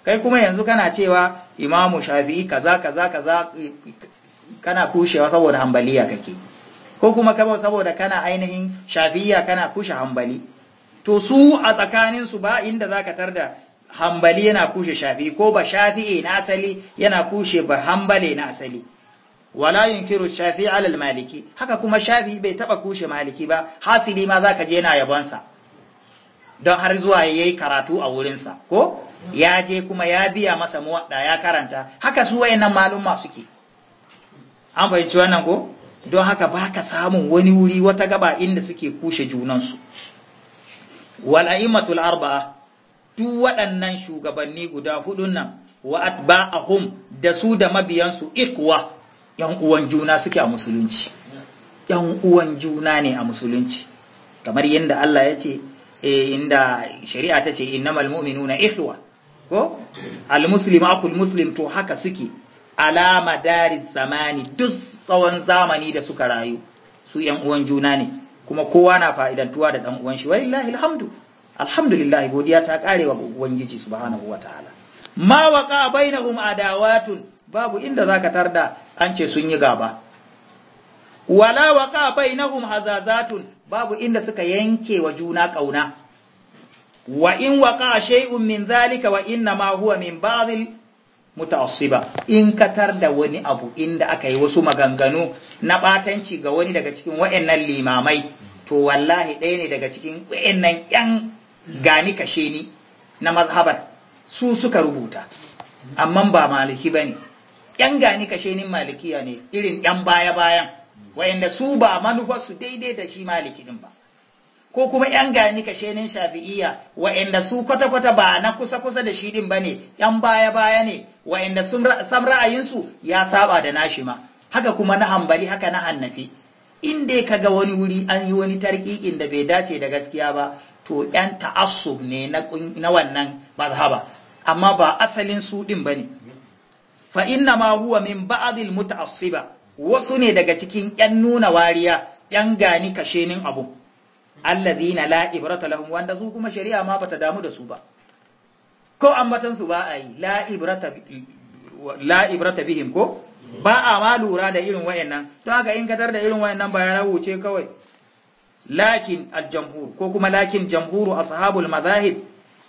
kai kuma yanzu kana cewa imamu shafi'i kaza kaza kaza kana kushewa saboda hanbaliya kake ko kuma kaba saboda kana ainihin shafi'iya kana kushe hambali? to su a tsakaninsu ba inda zaka tarda hambali yana kushe shafi ko ba shafi'i na asali yana kushe ba hambali na asali wala yunkiru shafi alal maliki haka kuma shafi bai taba kushe maliki ba hasili ma zaka je yana yabonsa don har zuwa yayi karatu a wurinsa ko ya je kuma ya biya masa muwaɗa ya karanta haka su wayannan malumma suke an fahimci wannan ko don haka baka samun wani wuri wata gaba inda suke kushe junansu wal a'immatul arba'a duk waɗannan shugabanni guda hudun nan wa atba'ahum da su da mabiyansu ikwa yan uwan juna suke a musulunci yan uwan juna ne a musulunci kamar yadda Allah ya ce eh, inda shari'a ta ce innamal mu'minuna ikhwa ko al muslimu akul muslim to haka suke alama dari zamani duk tsawon zamani da suka rayu su yan uwan juna ne kuma kowa na fa'idantuwa da dan uwan shi wallahi alhamdu alhamdulillah godiya ta kare wa ubangiji subhanahu wataala ma waqa bainahum adawatun babu inda zaka tarda an ce sun yi gaba wala waqa bainahum hazazatun babu inda suka yanke wa juna kauna wa in waqa shay'un min zalika wa inna ma huwa min ba'dil mutaassiba in ka tarda wani abu inda aka yi wasu maganganu na batanci ga wani daga cikin wayannan limamai to wallahi ɗaya ne daga cikin wa'annan yan gani kashe ni na mazhabar su suka rubuta amma ba maliki ba ne ‘yan gani kashe ni malikiya ne irin ‘yan baya-bayan wayanda su ba manufarsu daidai da shi maliki din ba ko kuma ‘yan gani kashe ni shafi'iya wayanda su kwata-kwata ba na kusa-kusa da shi din ba ne ‘yan baya-baya ne wayanda sam ra'ayinsu ya saba da nashi ma haka kuma na hambali haka na hannafi in dai kaga wani wuri an yi wani tarƙiƙin da bai dace da gaskiya ba to yan ta'assub ne na wannan mazhaba amma ba asalin su din bane fa inna ma huwa min ba'dil muta'assiba wasu ne daga cikin yan nuna wariya yan gani kashenin abu alladhina la ibrata lahum wanda su kuma shari'a ma bata damu da su ba ko ambatan su ba a yi la ibrata bihim ko ba a ma lura da irin wayannan don haka in kadar da irin wayannan ba ya wuce kawai lakin aljamhur ko kuma lakin jamhuru ashabul mazahib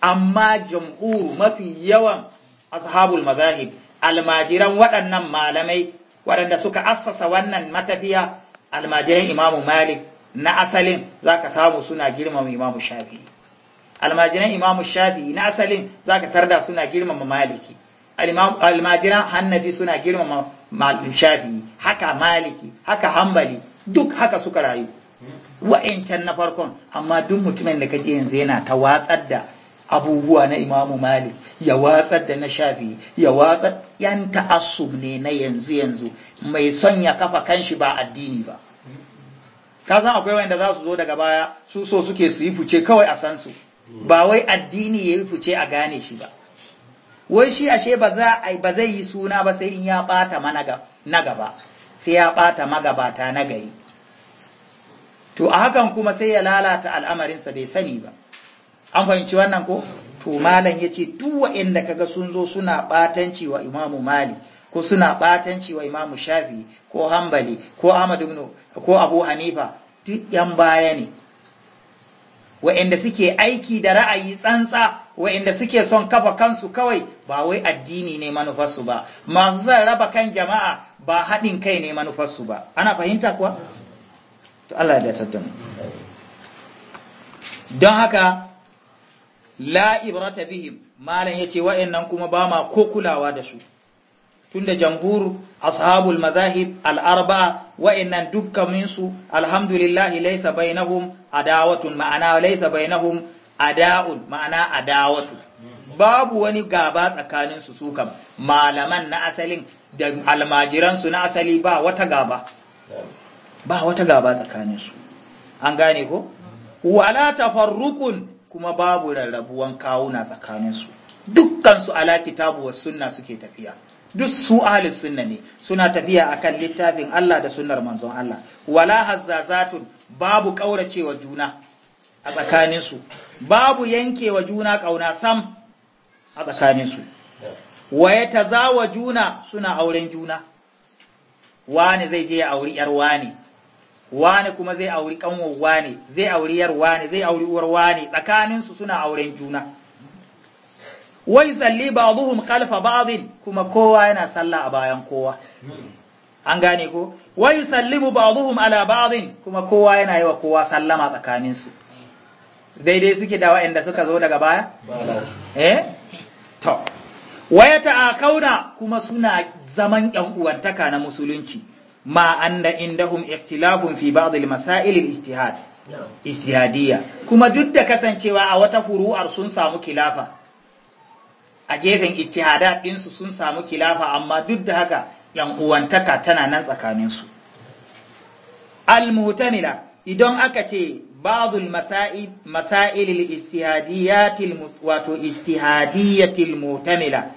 amma jamhuru mafi yawan ashabul mazahib almajiran waɗannan malamai waɗanda suka assasa wannan matafiya almajiran imamu malik na asalin ka samu suna girmama imamu shafi'i almajiran imamu shafi'i na asalin zaka tarda suna girmama maliki almajiran hannafi suna girmama shafi'i haka maliki haka hambali duk haka suka rayu wa'incan na farkon amma duk mutumin da kaje yanzu yana ta watsar da abubuwa na imamu malik ya watsar da na shafi ya watsar yan ta'assub ne na yanzu yanzu mai son ya kafa kanshi ba addini ba ka san akwai wanda za su zo daga baya su so suke su yi fice kawai a san su ba wai addini ya yi fice a gane shi ba wai shi ashe ba za ba zai yi suna ba sai in ya bata mana na gaba sai ya bata magabata na gari to a hakan kuma sai ya lalata al'amarinsa bai sani ba an fahimci wannan ko to malam yace duk wa'anda kaga sun zo suna batanci wa imamu malik ko suna batanci wa imamu shafi ko hambali ko Ahmadu, ko abu hanifa duk yan baya ne wa'anda suke aiki da ra'ayi tsantsa wa'inda suke son kafa kansu kawai ba wai addini ne manufarsu ba masu zan raba kan jama'a ba haɗin kai ne manufarsu ba ana fahimta kuwa Allah ya datar don haka la ibrata bihim malam ce wa'annan kuma ba ma ko kulawa da su tunda jamhur ashabul mazahib al-arba dukkaminsu alhamdu su laisa laysa bainahum adawatun ma'ana laysa bainahum ada'un ma'ana adawatu babu wani gaba tsakanin su kam malaman na asalin da almajiransu na asali ba wata gaba ba wata gaba tsakanin su an gane ko wala tafarrukun kuma babu rarrabuwan kawuna tsakanin su dukkan su ala kitabu was sunna suke tafiya duk su ahli sunna ne suna tafiya akan littafin Allah da sunnar manzon Allah wala hazzazatun babu kauracewa juna a tsakanin su babu yankewa juna kauna sam a tsakanin su wa juna suna auren juna wani zai je ya auri yar wani wane kuma zai auri ƙanwar wane zai auri yar wane zai auri uwar wane tsakaninsu suna auren juna wai salli ba'dhum khalfa ba'dhin kuma kowa yana sallah a bayan kowa an gane ko wai sallimu ba'dhum ala ba'dhin kuma kowa yana yi wa kowa sallama tsakaninsu daidai suke da wa'anda suka zo daga baya eh to waya ta'akauna kuma suna zaman yan uwantaka na musulunci ma anna indahum ikhtilafun fi ba'd al-masail al-ijtihad ijtihadiyya kuma duk da kasancewa a wata furu'ar sun samu kilafa a gefen ijtihadat din su sun samu kilafa amma duk da haka yan uwantaka tana nan tsakanin su al-muhtamila idan aka ce بعض المسائل مسائل الاجتهاديات الم... والاجتهادية المعتملة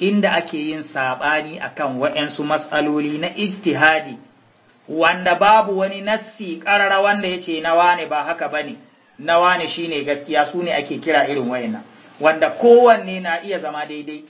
inda ake yin saɓani a kan wa'yansu, matsaloli na ijtihadi wanda babu wani nassi ƙarara wanda ya ce na wane ba haka ba ne na wane shi ne gaskiya su ne ake kira irin wayannan wanda kowanne na iya zama daidai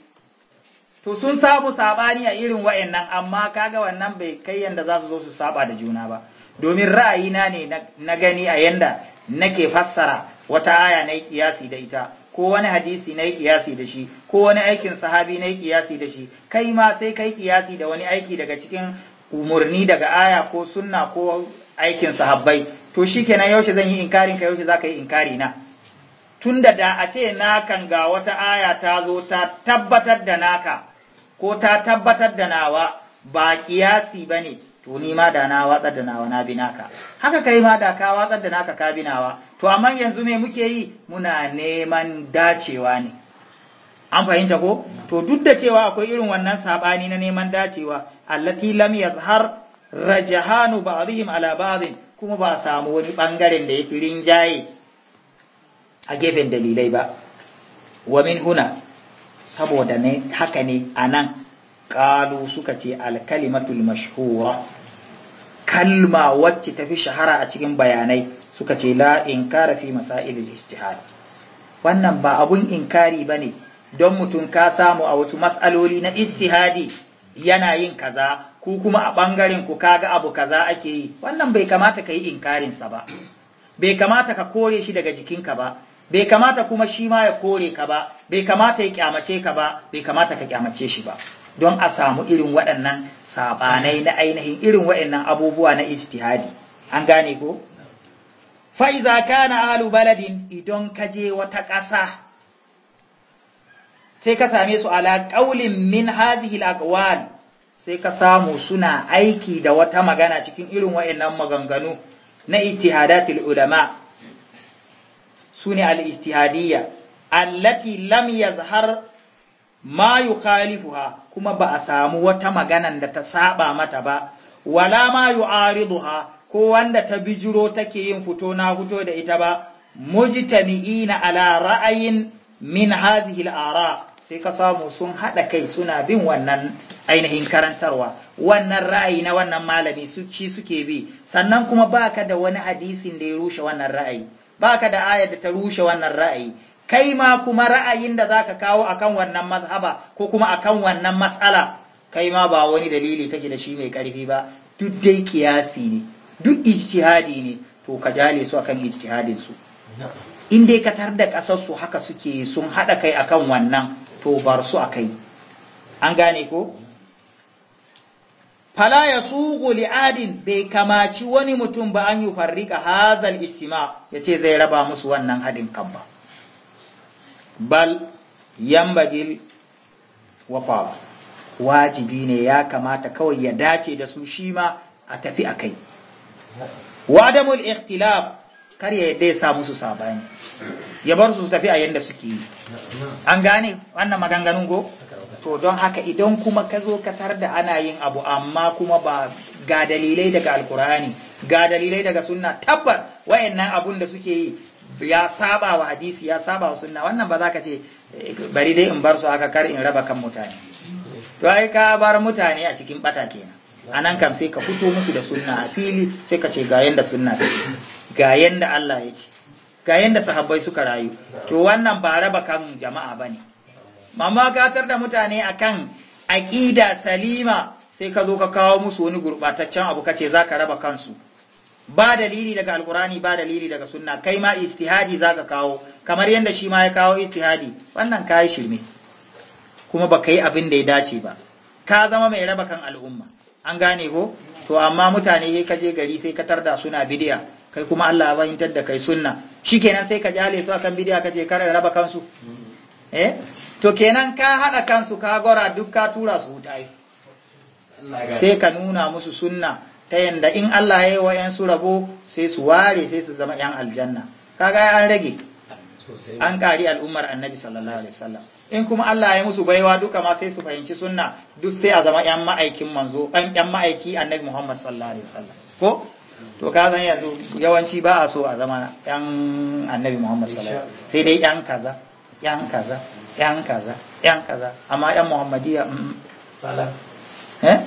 to sun samu saɓani a irin wayannan amma kaga wannan bai kai yanda za su zo su saɓa da juna ba domin ra'ayina ne na gani a yanda nake fassara wata aya na kiyasi da ita ko wani hadisi na yi kiyasi da shi ko wani aikin sahabi na yi kiyasi da shi kai ma sai kai kiyasi da wani aiki daga cikin umarni daga aya ko sunna ko aikin sahabbai to shi kenan yaushe zan yi inkarin ka yaushe za ka yi inkari na tunda da a ce na kan ga wata aya ta zo ta tabbatar da naka ko ta tabbatar da nawa ba kiyasi ba ne to ni ma da na watsar da nawa na bi naka haka kai ma da ka watsar da naka ka bi to amma yanzu me muke yi muna neman dacewa ne an fahimta ko to duk da cewa akwai irin wannan sabani na neman dacewa allati lam yazhar rajahanu ba'dihim ala ba'dhin kuma ba samu wani bangaren da yafi rinjaye a gefen dalilai ba wa min huna saboda ne haka ne anan Kalu suka ce alkalimatul mashhura kalma wacce tafi shahara a cikin bayanai suka ce la inkara fi masailil ijtihad wannan ba abun inkari bane don mutum ka samu a wasu mas'aloli na ijtihadi yana yin kaza ku kuma a bangaren ku kaga abu kaza ake yi wannan bai kamata ka yi inkarinsa ba bai kamata ka kore shi daga jikinka ba bai kamata kuma shi ma ya kore ka ba bai kamata ya kyamace ka ba bai kamata ka kyamace shi ba don a samu irin waɗannan saɓanai na ainihin irin waɗannan abubuwa na ijtihadi an gane ko fa'iza kana alu baladin idan kaje wata ƙasa sai ka same su ala ƙaulin min hazihil al sai ka samu suna aiki da wata magana cikin irin waɗannan maganganu na ijtihadatul ulama sune al-ijtihadiyya allati lam yazhar ma khalifuha kuma ba a samu wata maganan da ta saba mata ba wala ma Ariduha ko wanda ta bijiro take yin fito na fito da ita ba mujtami'ina ala ra'ayin min hadhihi al-ara sai ka samu sun haɗa kai suna bin wannan ainihin karantarwa wannan ra'ayi na wannan malami su ci suke bi sannan kuma baka da wani hadisin da ya rushe wannan ra'ayi baka da ayar da ta rushe wannan ra'ayi kai ma kuma ra'ayin da zaka kawo akan wannan mazhaba ko kuma akan wannan matsala kai ma ba wani dalili kake da shi mai karfi ba duk dai kiyasi ne duk ijtihadi ne to ka jale su akan ijtihadin su in dai ka tar da kasar su haka suke sun haɗa kai akan wannan to bar su akai an gane ko fala ya li'adin bai kamaci wani mutum ba an yi farrika hazal ijtima ya ce zai raba musu wannan haɗin kan ba bal yambagil waqaf wajibi ne ya kamata kawai ya dace da su shi ma a tafi a kai wadamul ikhtilaf kar ya yadda ya sa musu sabani ya bar su tafi a yanda suke yi an gane wannan maganganun go to don haka idan kuma ka zo ka tar da ana yin abu amma kuma ba ga dalilai daga alkurani ga dalilai daga sunna tabbas wayannan abun da suke yi ya saba wa hadisi ya saba wa sunna wannan ba za ka ce bari dai in bar su haka kar in raba kan mutane to ai ka bar mutane a cikin bata kenan anan kam sai ka fito musu da sunna a fili sai ka ce ga yanda sunna ta ce ga yanda Allah ya ce ga yanda sahabbai suka rayu to wannan ba raba kan jama'a bane mamma gatar da mutane akan aqida salima sai ka zo ka kawo musu wani gurbataccen abu kace zaka raba kansu ba dalili daga alkurani ba dalili daga sunna kai ma istihadi zaka kawo kamar yadda shi ma ya kawo istihadi wannan kai shirme kuma ba kai yi abin da ya dace ba ka zama mai raba kan al'umma an gane ko to amma mutane sai ka gari sai ka tarda suna bidiya kai kuma Allah ya fahimtar da kai sunna shikenan sai ka jale su akan bidiya ka ce kar raba kansu eh to kenan ka hada kansu ka gora duk ka tura su wuta sai ka nuna musu sunna ta yadda in Allah ya yi wa ‘yan su rabo sai su ware sai su zama ‘yan aljanna kaga an rage an ƙari al'ummar annabi sallallahu alaihi wasallam in kuma Allah ya yi musu baiwa duka ma sai su fahimci sunna duk sai a zama ‘yan ma'aikin manzo ‘yan ma'aiki annabi Muhammad sallallahu alaihi wasallam ko to ka san yanzu yawanci ba a so a zama ‘yan annabi Muhammad sallallahu alaihi sai dai ‘yan kaza ‘yan kaza ‘yan kaza ‘yan kaza amma ‘yan Muhammadiyya mm, mm. eh [LAUGHS]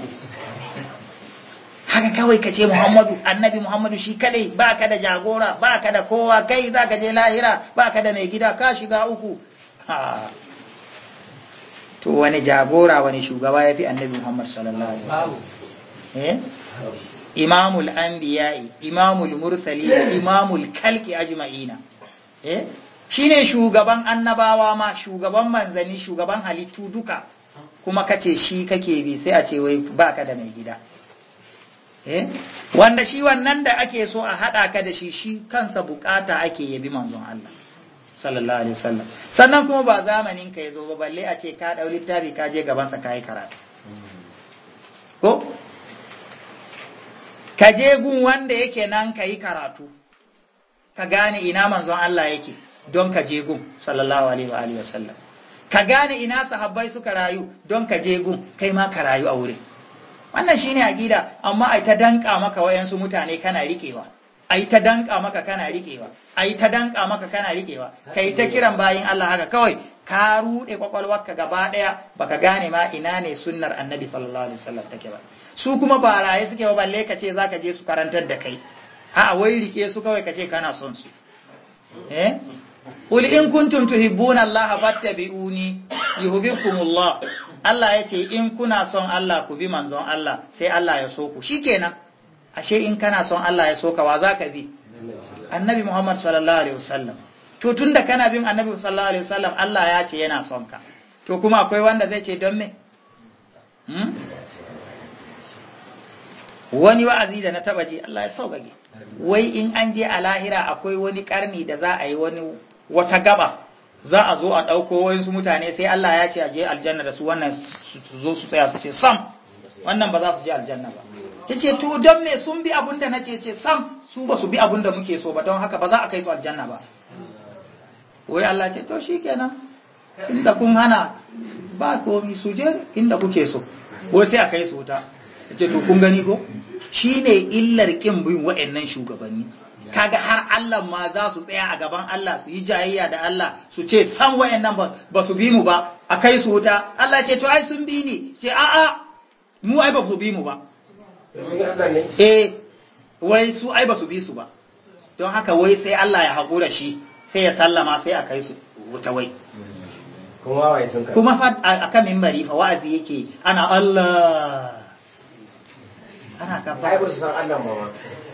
haka kawai ka ce Muhammadu annabi Muhammadu shi kadai ba ka da jagora ba ka da kowa kai za ka je lahira ba ka da mai gida ka shiga uku to wani jagora wani shugaba ya fi annabi Muhammad sallallahu alaihi wasallam eh? imamul anbiya'i imamul mursali imamul kalki ajma'ina eh shine shugaban annabawa ma shugaban manzani shugaban halittu duka kuma kace shi kake bi sai a ce wai baka da mai gida Eh? wanda shi wannan da ake so a haɗa ka da shi shi kansa bukata ake yabi manzon Allah sallallahu alaihi wasallam sannan kuma ba zamanin ka yazo ba balle a ce ka dau littafi ka je gaban sa kai karatu ko ka je gun wanda yake nan ka yi karatu ka gane ina manzon Allah yake don ka je gun sallallahu alaihi wasallam ka gane ina sahabbai suka rayu don ka je gun kai ma ka rayu a wurin wannan shine aqida amma ai ta danka maka wayansu mutane kana rikewa ai ta danka maka kana rikewa ai ta danka maka kana rikewa kai ta kiran bayin Allah haka kawai ka rude kwakwalwarka gaba daya baka gane ma ina ne sunnar annabi sallallahu alaihi wasallam take ba su kuma ba raye suke ba balle ka ce zaka je su karantar da kai a'a wai rike su kawai ka ce kana son su eh qul in kuntum tuhibbuna allaha fattabi'uni yuhibbukumullah Allah ya ce in kuna son Allah ku bi manzon Allah sai Allah ya so ku shikenan ashe in kana son Allah ya so ka wa zaka bi annabi Muhammad sallallahu alaihi wasallam to tunda kana bin annabi sallallahu alaihi wasallam Allah ya ce yana son ka to kuma akwai wanda zai ce don me hmm? wani wa'azi da na taba ji Allah ya saukake wai in an je a lahira akwai wani karni da za a yi wani wata gaba za a zo a ɗauko wayansu mutane sai Allah ya ce a je aljanna da su wannan su zo su tsaya su ce sam wannan ba za su je aljanna ba ta ce to don me sun bi abin da na ce ce sam su ba su bi abin da muke so ba don haka ba za a kai su aljanna ba wai Allah ce to shi kenan inda kun hana ba komi su je inda kuke so wai sai a kai su wuta ta ce to kun gani ko Shi ne illar kin bin wa'annan shugabanni kaga har Allah ma za su tsaya a gaban Allah su yi jayayya da Allah su ce san wayannan ba su bi mu ba a kai su wuta Allah ce to ai sun bi ni ce a'a mu ai ba su bi mu ba eh wai su ai ba su bi su ba don haka wai sai Allah ya haƙura shi sai ya sallama sai a kai su wuta wai kuma fa a kan mimbari fa wa'azi yake ana Allah ana ba ai ba su san Allah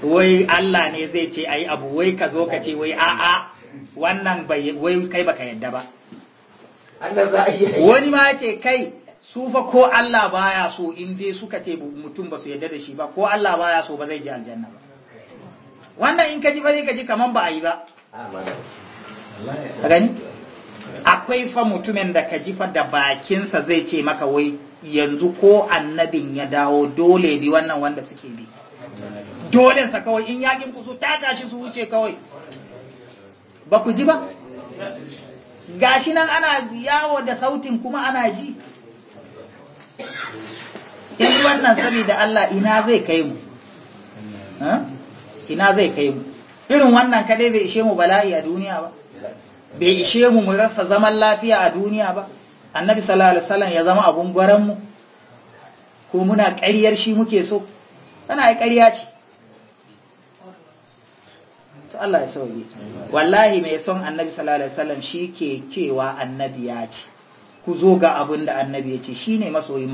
wai Allah ne zai ce ai abu wai ka zo ka ce wai a'a wannan wai kai baka yadda ba wani ma ce kai su fa ko Allah baya so in dai suka ce mutum ba su yadda da shi ba ko Allah baya so ba zai je aljanna ba wannan in ka ji ba zai ka ji kaman ba a yi ba a gani akwai fa mutumin da ka ji fa da bakinsa zai ce maka wai yanzu ko annabin ya dawo dole bi wannan wanda suke bi dolensa kawai in yakin ku su ta shi su wuce kawai ba ku ji ba gashi nan ana yawo da sautin kuma ana ji in wannan saboda Allah ina zai kai mu ina zai kai mu irin wannan kadai bai ishe mu bala'i a duniya ba bai ishe mu mu rasa zaman lafiya a duniya ba annabi sallallahu alaihi wasallam ya zama abun gwaran mu ko muna ƙaryar shi muke so kana ai ƙarya ce Allah ya sauri wallahi mai son annabi sallallahu alaihi wasallam shi ke cewa annabi ya ce ku zo ga abin da annabi ya ce shi shine masoyin